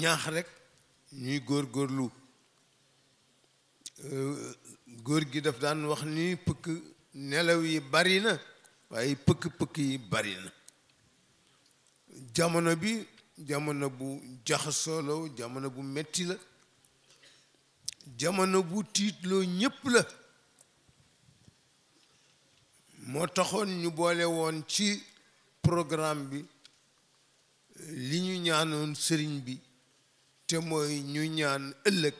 ñaax rek ñuy góor góorlu euh, góor gi daf daan wax ni pëkk nelaw yi bari na waaye pëkk-pëkk yi bari na jamono bi jamono bu jaxasoolo jamono bu metti la jamono bu tiitloo ñépp la moo taxoon ñu boole woon ci programme bi li ñu ñaanoon sëriñ bi te mooy ñu ñaan ëllëg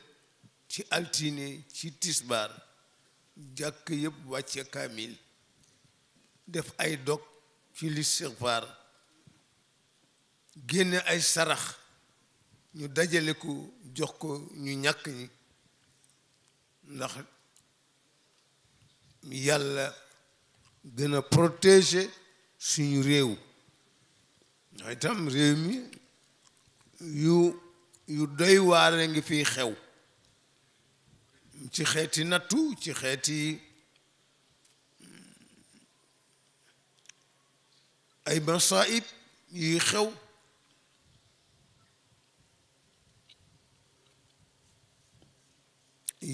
ci altine ci tisbaar jàkk yëpp wàcce kaamil def ay dog ci listigfaar génne ay sarax ñu dajale ko jox ko ñu ñàkk ñi ndax yàlla gën a protéger suñu réew ndax itam réew mi yu yu doy waare ngi fi xew ci xeeti nattu ci xeeti mm, ay masaib yuy xew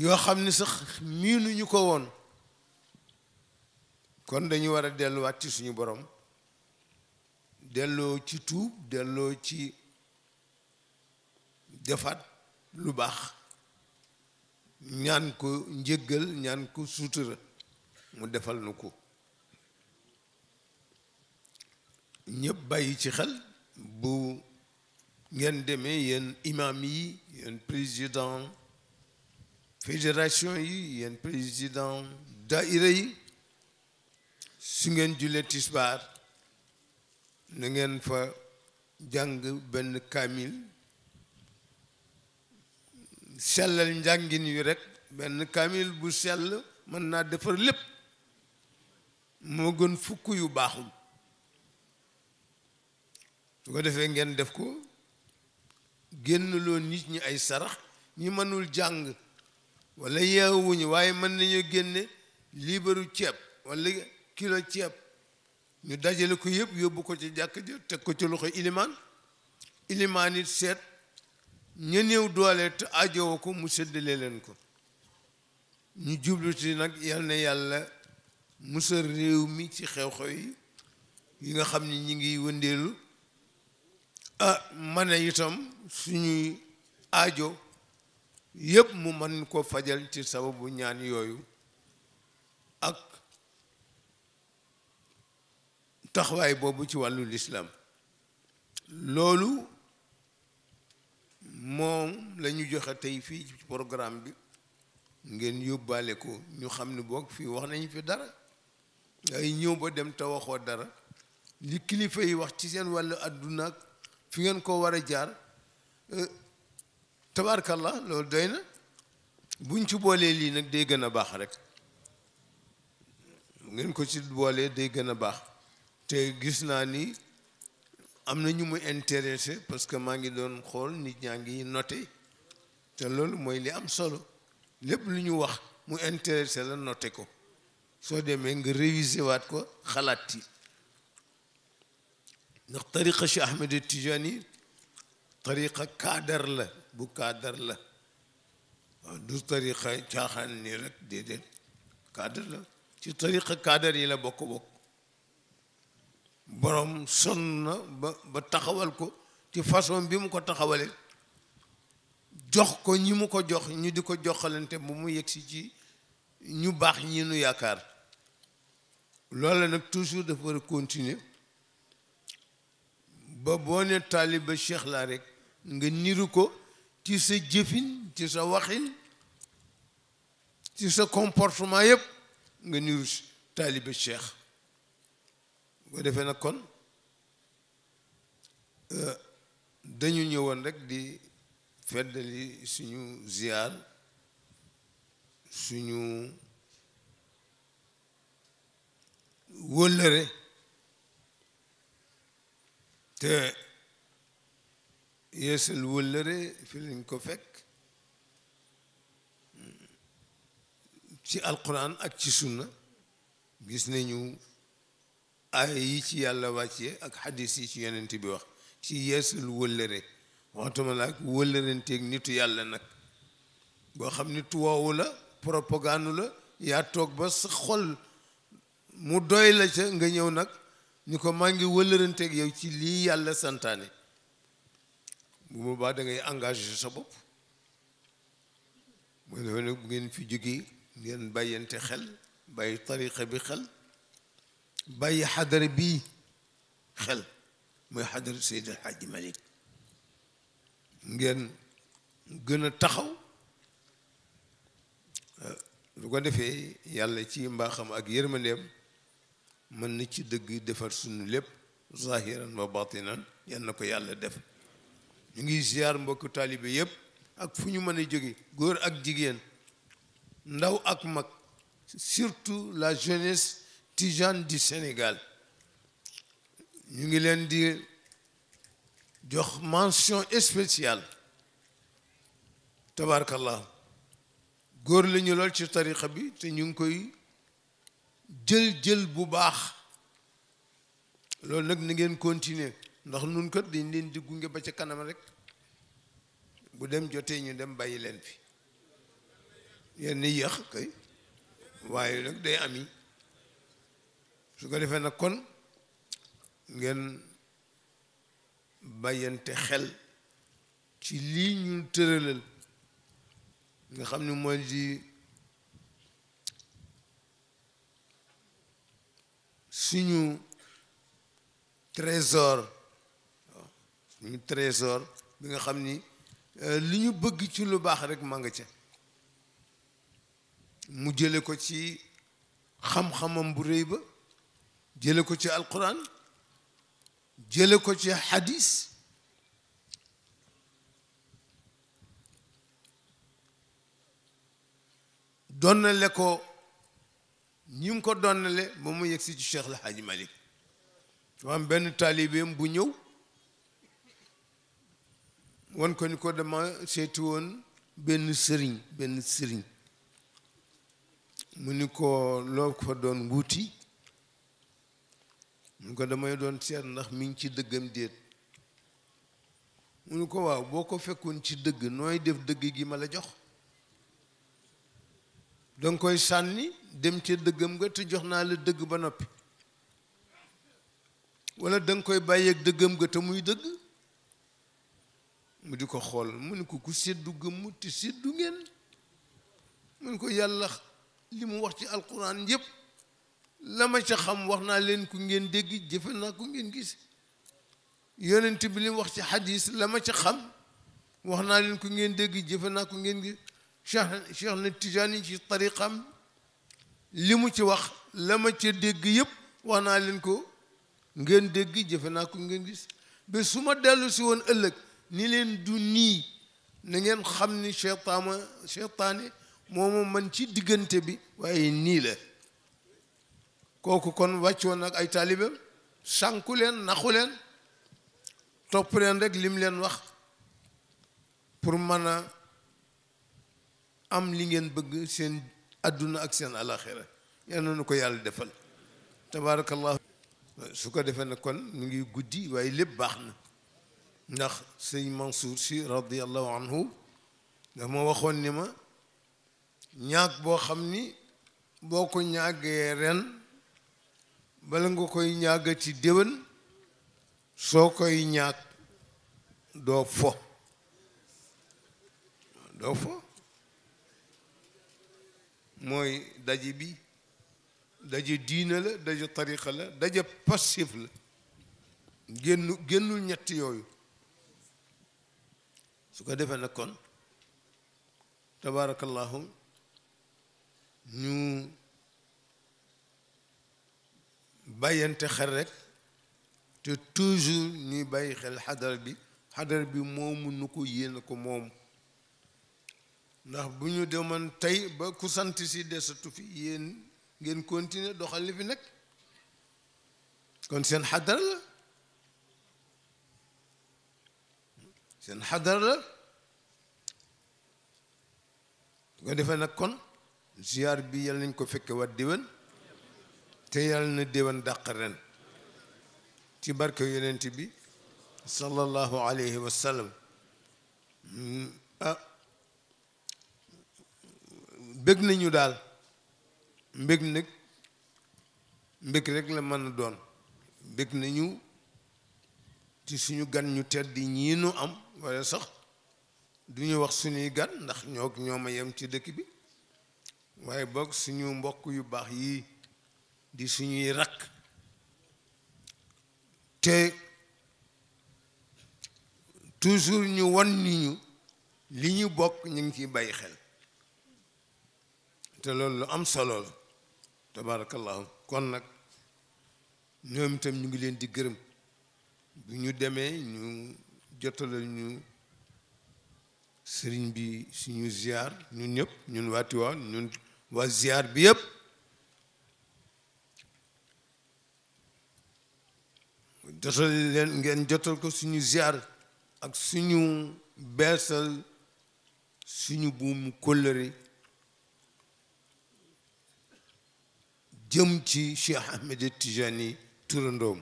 yoo xam ni sax miinuñu ko woon kon dañu war a delluwaat ci suñu borom delloo ci tuub delloo ci defaat lu baax ñaan ko njëggal ñaan ko sutura mu defal nu ko ñëpp bàyyi ci xel bu ngeen demee yéen imam yi yéen président fédération yi yéen président daïra yi su ngeen julee tisbaar na ngeen fa jàng benn kaamil sellal njàngin yu rek benn kaamil bu sell mën naa defar lépp moo gën fukk yu baaxul su ko defee ngeen def ko génn loo nit ñi ay sarax ñi mënul jàng wala yeewuñu waaye mën nañoo génne liibaru ceeb walla kilo ceeb ñu dajale ko yëpp yóbbu ko ci jàkk ja teg ko ci loxo ilimaan ilimaan it seet ña néew doole te ajowoo ko mu séddale leen ko ñu jublu ci nag yal na yàlla musal réew mi ci xew-xew yi yi nga xam ni ñu ngi wëndeelu ah mën a itam suñuy aajo yëpp mu mën ko fajal ci sababu ñaan yooyu ak taxawaay boobu ci wàllu lislaam loolu moom lañu joxe tey fii ci programme bi ngeen yóbbaale ko ñu xam ne boog fii wax nañu fi dara ngay ñëw ba dem te waxoo dara li kilifa yi wax ci seen wàllu àdduna ak fi ngeen ko war a jaar eh, la loolu doy na buñ ci boolee lii nag day gën a baax rek ngeen ko ci boolee day gën a baax te gis naa ni am na ñu mu intéresé parce que maa ngi doon xool nit ñaa ngi noté te loolu mooy li am solo lépp lu ñu wax mu intéressé la noté ko soo demee nga révisé waat ko xalaat yi ndax tariqa Cheikh Ahmed Tijani tariqa kaadar la bu kaadar la waaw du tariqa caaxaan nii rek déedéet kaadar la ci tariqa kaadar yi la bokk-bokk borom sonn na ba ba taxawal ko ci façon bi mu ko taxawalee jox ko ñi mu ko jox ñu di ko joxalante bu mu yegg si ci ñu baax ñi yaakaar loole nag toujours dafa war a continuer ba boo ne taaliba cheikh laa rek nga niru ko ci sa jëfin ci sa waxin ci sa comportement yépp nga niru taaliba cheikh bu ko defee nag kon euh, dañu ñëwoon rek di feddali suñu ziar suñu wóllëre te yeesal wóllëre fi lañ ko fekk ci alquran ak ci sunna gis nañu aaya yi ci yàlla wàcce ak xadis yi ci yonent bi wax ci yeesul wëllëre waxtuma la ak wëllërenteeg nitu yàlla nag boo xam ni tuwaawu la propagande la yaa toog ba sa xol mu doy la ca nga ñëw nag ñu ko maa ngi wëllëranteeg yow ci lii yàlla santaane bu boobaa da ngay engagé sa bopp mooy ne bu ngeen fi jógee ngeen bàyyante xel bàyyi tariqa bi xel bàyyi xadara bii xel mooy xadara Seydi El Hadji Malick ngeen gën a taxaw eh, lu ko defee yàlla ci mbaaxam ak yërmandeem mën na ci dëgg defar suñu lépp zahiran wa batinan yan na ko yàlla def ñu ngi ziar mbokku taalibe yëpp ak fu ñu mën jóge góor ak jigéen ndaw ak mag surtout la jeunesse Tidiane di Sénégal ñu ngi leen di jox mention spéciale tabarkallah góor lañu lool ci tariqa bi te ñu ngi koy jël-jël bu baax loolu nag ni ngeen continuer ndax nun kat dañ leen di gunge ba ci kanam rek bu dem jotee ñu dem bàyyi leen fi yenn yéex kay waaye nag day ami su ko defee na kon ngeen bàyyante xel ci lii ñu tëralal nga xam ne mooy di suñu trésor suñu trésor bi nga xam ni euh, li ñu bëgg ci lu baax rek maa nga ca mu jële ko ci xam-xamam bu rëy ba jële ko ci alquran jële ko ci hadis donnale ko ñi ko donnale ba mu yegsi ci Cheikh El Hadj Malick mu am benn taalibeem bu ñëw wan ko ni ko dema seeti woon benn sëriñ benn sëriñ mu ni ko loo ko fa doon wuuti mun ko damay doon seet ndax mi ngi ci dëggam déet munu ko waaw boo ko fekkoon ci dëgg nooy def dëgg gi ma la jox danga koy sànni dem ca dëggam ga te jox naa la dëgg ba noppi wala danga koy bàyyeek dëggam nga te muy dëgg mu di ko xool mu ni ko ku sedd gëmmu te séddu ngeen mu ne ko yàlla li mu wax ci alquran yépp la ma ca xam wax naa leen ku ngeen dégg jëfe naa ku gis yonent bi li wax ci xadis la ma ca xam wax naa leen ku ngeen dégg jëfe naa ku ngeen gis cheikh cheikh na tijaani ci tariqam li mu ci wax la ma ca dégg yëpp wax naa leen ko ngeen dégg jëfe naa ku ngeen gis ba su ma dellu woon ëllëg ni leen du nii na ngeen xam ni cheytaama cheytaane moo man ci diggante bi waaye nii la kooku kon wàccoon ak ay taalibeem sànku leen naxu leen topp leen rek lim leen wax pour mën a am li ngeen bëgg seen àdduna ak seen alaxira yal na ko yàlla defal tabaarakallahu su ko defee nag kon mu ngi guddi waaye lépp baax na ndax sëñ Mansour si radiallahu anhu dama waxoon ni ma ñaag boo xam ni boo ko ñaagee ren bala nga koy ci déwén soo koy ñaag doo fo doo fo mooy daje bi daje diina la daje tariqa la daje passif la génnu génnul ñett yooyu su ko defee nag kon ñu bàyyante xel rek te toujours ñuy bàyyi xel xadar bi xadar bi moomu nu ko yéen ko moom ndax bu ñu deman tey ba ku sant si desatu fi yéen ngeen continuer doxal li fi nekk kon seen xadar la seen xadar la bu ko defee nag kon ziar bi yal nañ ko fekke wat diwen te yàlla na déwan dàq ren ci barke yonent bi sallallahu alayhi wa sallam mm, ah bëgg nañu daal mbëgg nag mbëgg rekk la mën a doon bëgg nañu ci suñu gan ñu tedd ñii nu am wala sax du ñu wax suñuy gan ndax ñoo ñooma yem ci dëkk bi waaye boog suñu mbokk yu baax yii di suñuy rakk te toujours ñu won ni ñu li ñu bokk ñu ngi ciy bàyyi xel te loolu lu am solo la tabarakallahu kon nag ñoom itam ñu ngi leen di gërëm bu ñu demee ñu jottalal ñu sëriñ bi suñu ziar ñun ñëpp ñun waa Tiwaawan ñun waa ziar bi yëpp jotal leen ngeen jotal ko suñu ziar ak suñu beesal suñu buum kóllëre jëm ci Cheikh Ahmed Tijani turandoom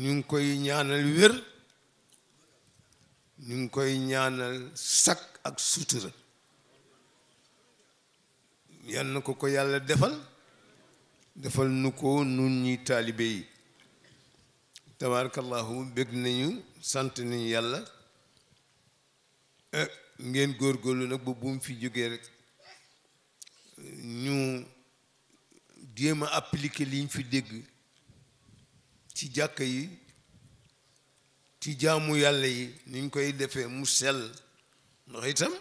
ñu ngi koy ñaanal wér ñu ngi koy ñaanal sakk ak sutura yan na ko ko yàlla defal defal nu ko nu ñi taalibe yi tabarakallahu bég nañu sant nañu yàlla eh, ngeen góorgóorlu nag bu mu fi jógee rek ñu jéem a appliquer liñ fi dégg ci jàkk yi ci jaamu yàlla yi niñ koy defee mu sel ndax itam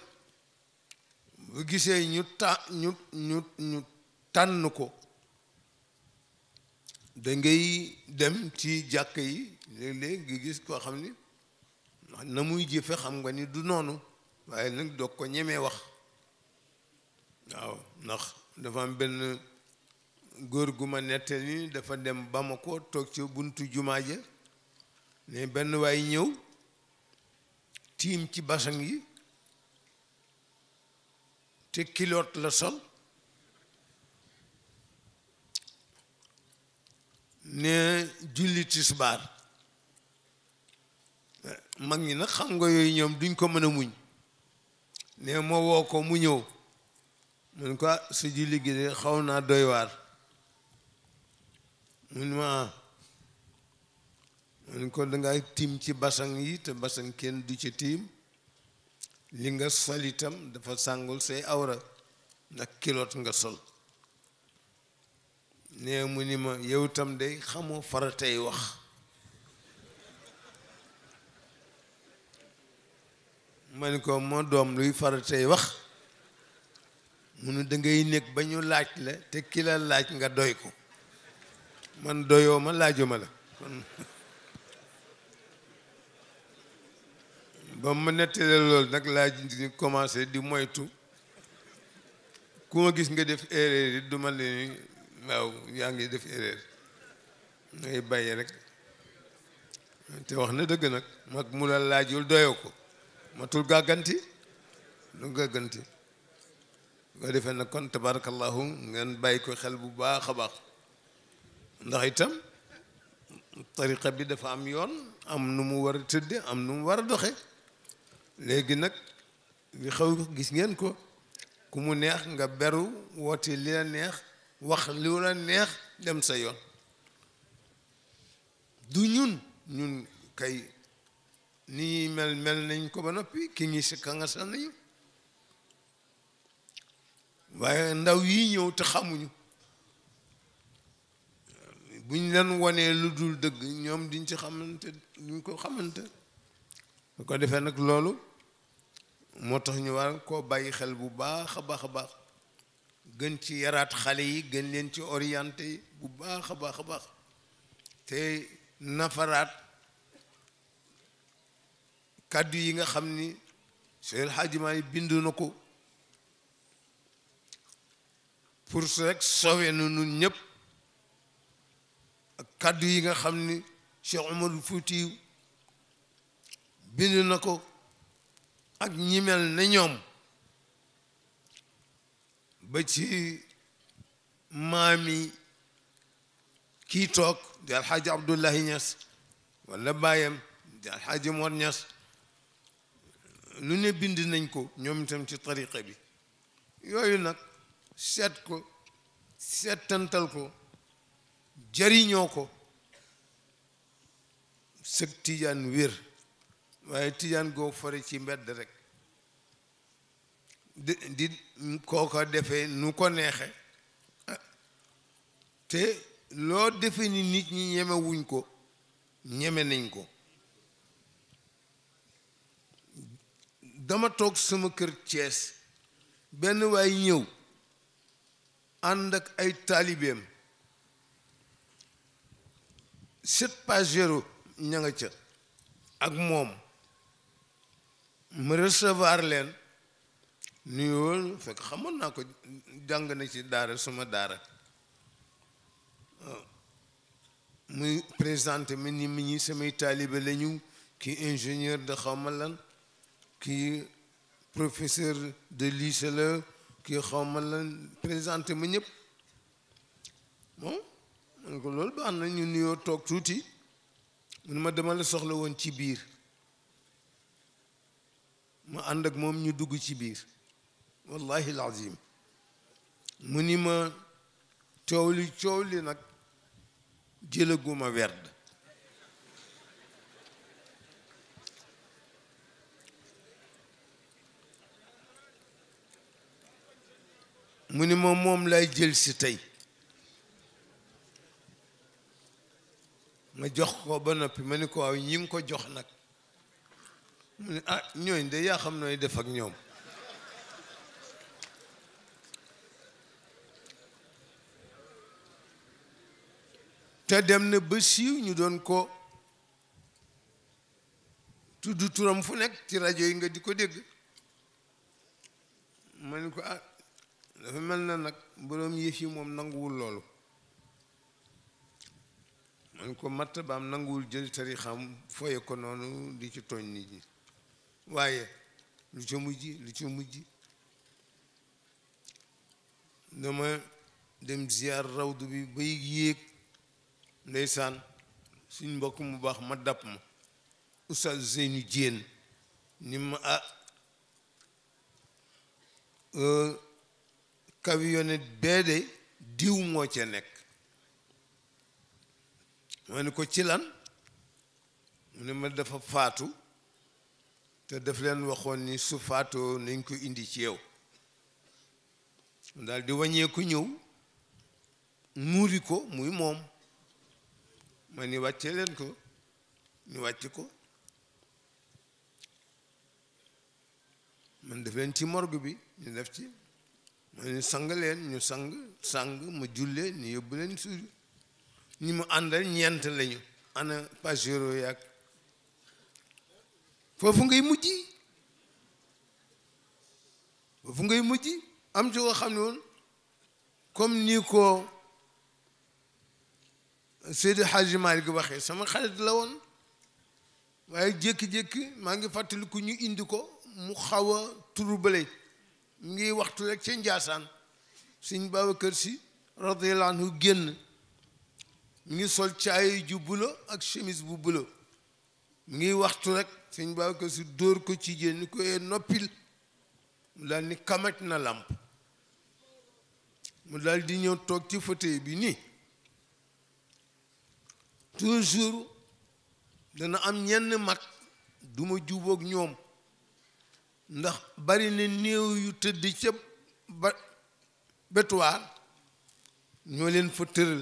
bu gisee ñu tànn ko da ngay dem ci jàkk yi léeg-léeg nga gis koo xam ni na muy jëfe xam nga ni du noonu waaye nag doog ko ñemee wax waaw ndax dafa am benn góor gu ma nettal ni dafa dem ko toog ci buntu jumaa ja ne benn waay ñëw tiim ci basang yi te kiloot la sol ne julli tisbaar mag ñi nag xam nga yooyu ñoom duñ ko mën a muñ ne ma woo ko mu ñëw mun ko ah, sa julli gi xaw naa doy waar mun ma ah. mun ko danga tiim ci basang yi te basang kenn du ci tiim li nga sol itam dafa sàngul say awra ndax kiloot nga sol nee mu ni ma yow tam day xamoo faratay wax man ni ko moo doom luy faratay wax munu da ngay nekk ba ñu laaj la te ki laaj nga doy ko man doyoo ma laajuma la kon ba ma nettale loolu nag laaj di commencé di moytu ku ma gis nga def erreur duma leen waaw yaa ngi def erreur ngay bàyyi rek te wax na dëgg nag mag mu la laajul doyoo ko matul gàgganti lu gàgganti nga defee nag kon tabarakallahu ngeen bàyyi ko xel bu baax a baax ndax itam tariqa bi dafa am yoon am nu mu war a tëdde am nu mu war a doxe léegi nag li xew gis ngeen ko ku mu neex nga beru woote li la neex wax lu la neex dem sa yoon du ñun ñun kay nii ñuy mel mel nañ ko ba noppi ki ngi si ka nga nañu waaye ndaw yi ñëw te xamuñu buñ leen wanee lu dul dëgg ñoom duñ ci xamante duñ koo xamante bu ko defee nag loolu moo tax ñu war koo bàyyi xel bu baax a baax a baax gën ci yaraat xale yi gën leen ci orienté bu baax a baax a baax te nafaraat kàddu yi nga xam ni Seydil Hadji bind na ko pour su rek sowe na nun ñëpp ak kàddu yi nga xam ni Cheikh Umarul Fuutiyu bind na ko ak ñimel na ñoom ba ci maami kii toog di alxaaji abdullahi ñas wala baayam di alxaaji mor ñas lu ne bind nañ ko ñoom itam ci tariqa bi yooyu nag seet ko seetantal ko jariñoo ko sëg tijaan wér waaye tijaan goo fare ci mbedd rek di kooka kooko defee nu ko neexe te loo defe ni nit ñi ñemewuñ ko ñeme nañ ko dama toog sama kër Cees benn waay ñëw ànd ak ay taalibeem sept pagero ña nga ca ak moom ma recevoir leen nuyoo fekk xamoon naa ko jàng na ci daara suma daara ah. muy présenté mi ni mi ñi samay taalibe la ñu kii ingénieur de xawma lan kii professeur de lycée la kii xawma lan présenté ma ñëpp bon man ko loolu baax na ñu nuyoo toog tuuti mun ma dama la soxla woon ci biir ma ànd ak moom ñu dugg ci biir wallahi alazim mu ni ma coow li coow li nag jëlaguma werd mu ni ma moom lay jël si tey ma jox ko ba noppi ma ni ko waaw ñi ngi ko jox nag mu ni ah ñooñ de yaa xam nooy def ak ñoom te dem na ba siiw ñu doon ko tudd turam fu nekk ci rajo yi nga di ko dégg ma ko ah dafa mel na nag boroom yëf yi moom nanguwul loolu ma ko matt baam nanguwul jël tarixam foye ko noonu di ci tooñ nit ñi waaye lu ca mujj lu ca mujj dama dem ziar rawdu bi bay yéeg ndeysaan suñ mbokk mu baax ma dàpp ma oustaz Seynu Jéen ni ma ah euh, camionnette bee de diw moo ca nekk ma ne ko ci lan mu ne ma dafa faatu te daf leen waxoon ni su faatoo nañ ko indi ci yow daal di wàññeeku ñëw muuri ko muy moom ma ni wàcce leen ko ñu wàcc ko man def leen ci morgue bi ñu def ci ma ni sang leen ñu sang sang mu jullee ñu yóbbu leen suudu ñi mu àndal ñeent lañu ana pajero yàgg foofu ngay mujj foofu ngay mujj am ci ko xam ne comme ni ko Seydi Hadji gi waxee sama xarit la woon waaye jékki-jékki maa ngi fàttaliku ñu indi ko mu xaw a turubale mu ngi waxtu rek ca Njaasaan Sëñ kër Si radiyallahu anhu génn mu ngi sol caay ju bulo ak chemise bu bulo mu ngi waxtu rek Sëñ Babacar Si dóor ko ci jën ni ko eh, noppil mu daal ni kamaj na làmp mu daal di ñëw toog ci fauteuil bi nii toujours dana am ñenn mag duma jubook ñoom ndax bari na néew yu tëdd ca ba betuwaar ñoo leen fa tëral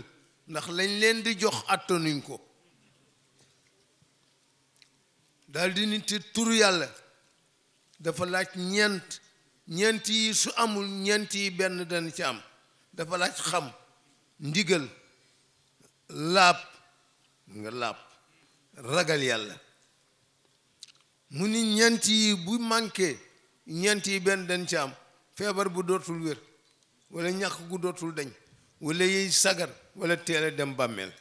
ndax lañ leen di jox àttanuñ ko daldi nit te yàlla dafa laaj ñeent ñeent yi su amul ñeent yi benn dana ci am dafa laaj xam ndigal laab nga laab ragal yàlla mu ni ñeent yi bu manqué ñeenti yi benn dañ ci am feebar bu dootul wér wala ñàkk gu dootul dañ wala yey sagar wala teel a dem bàmmeel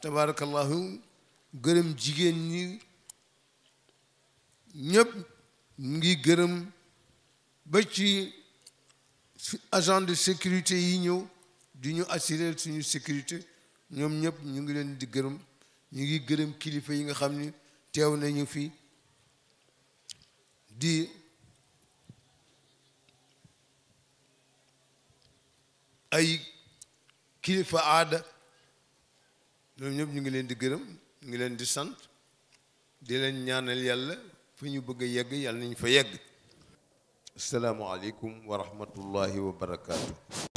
tabarakallahu gërëm jigéen ñi ñëpp ngi gërëm ba ci agent de sécurité yi ñëw di ñu assurer suñu sécurité ñoom ñëpp ñu ngi leen di gërëm ñu ngi gërëm kilifa yi nga xam ni teew nañu fi di ay kilifa aada ñoom ñëpp ñu ngi leen di gërëm ñu ngi leen di sant di leen ñaanal yàlla fu ñu bëgg yegg yàlla nañu fa yegg. asalaamaaleykum wa rahmatullahi wa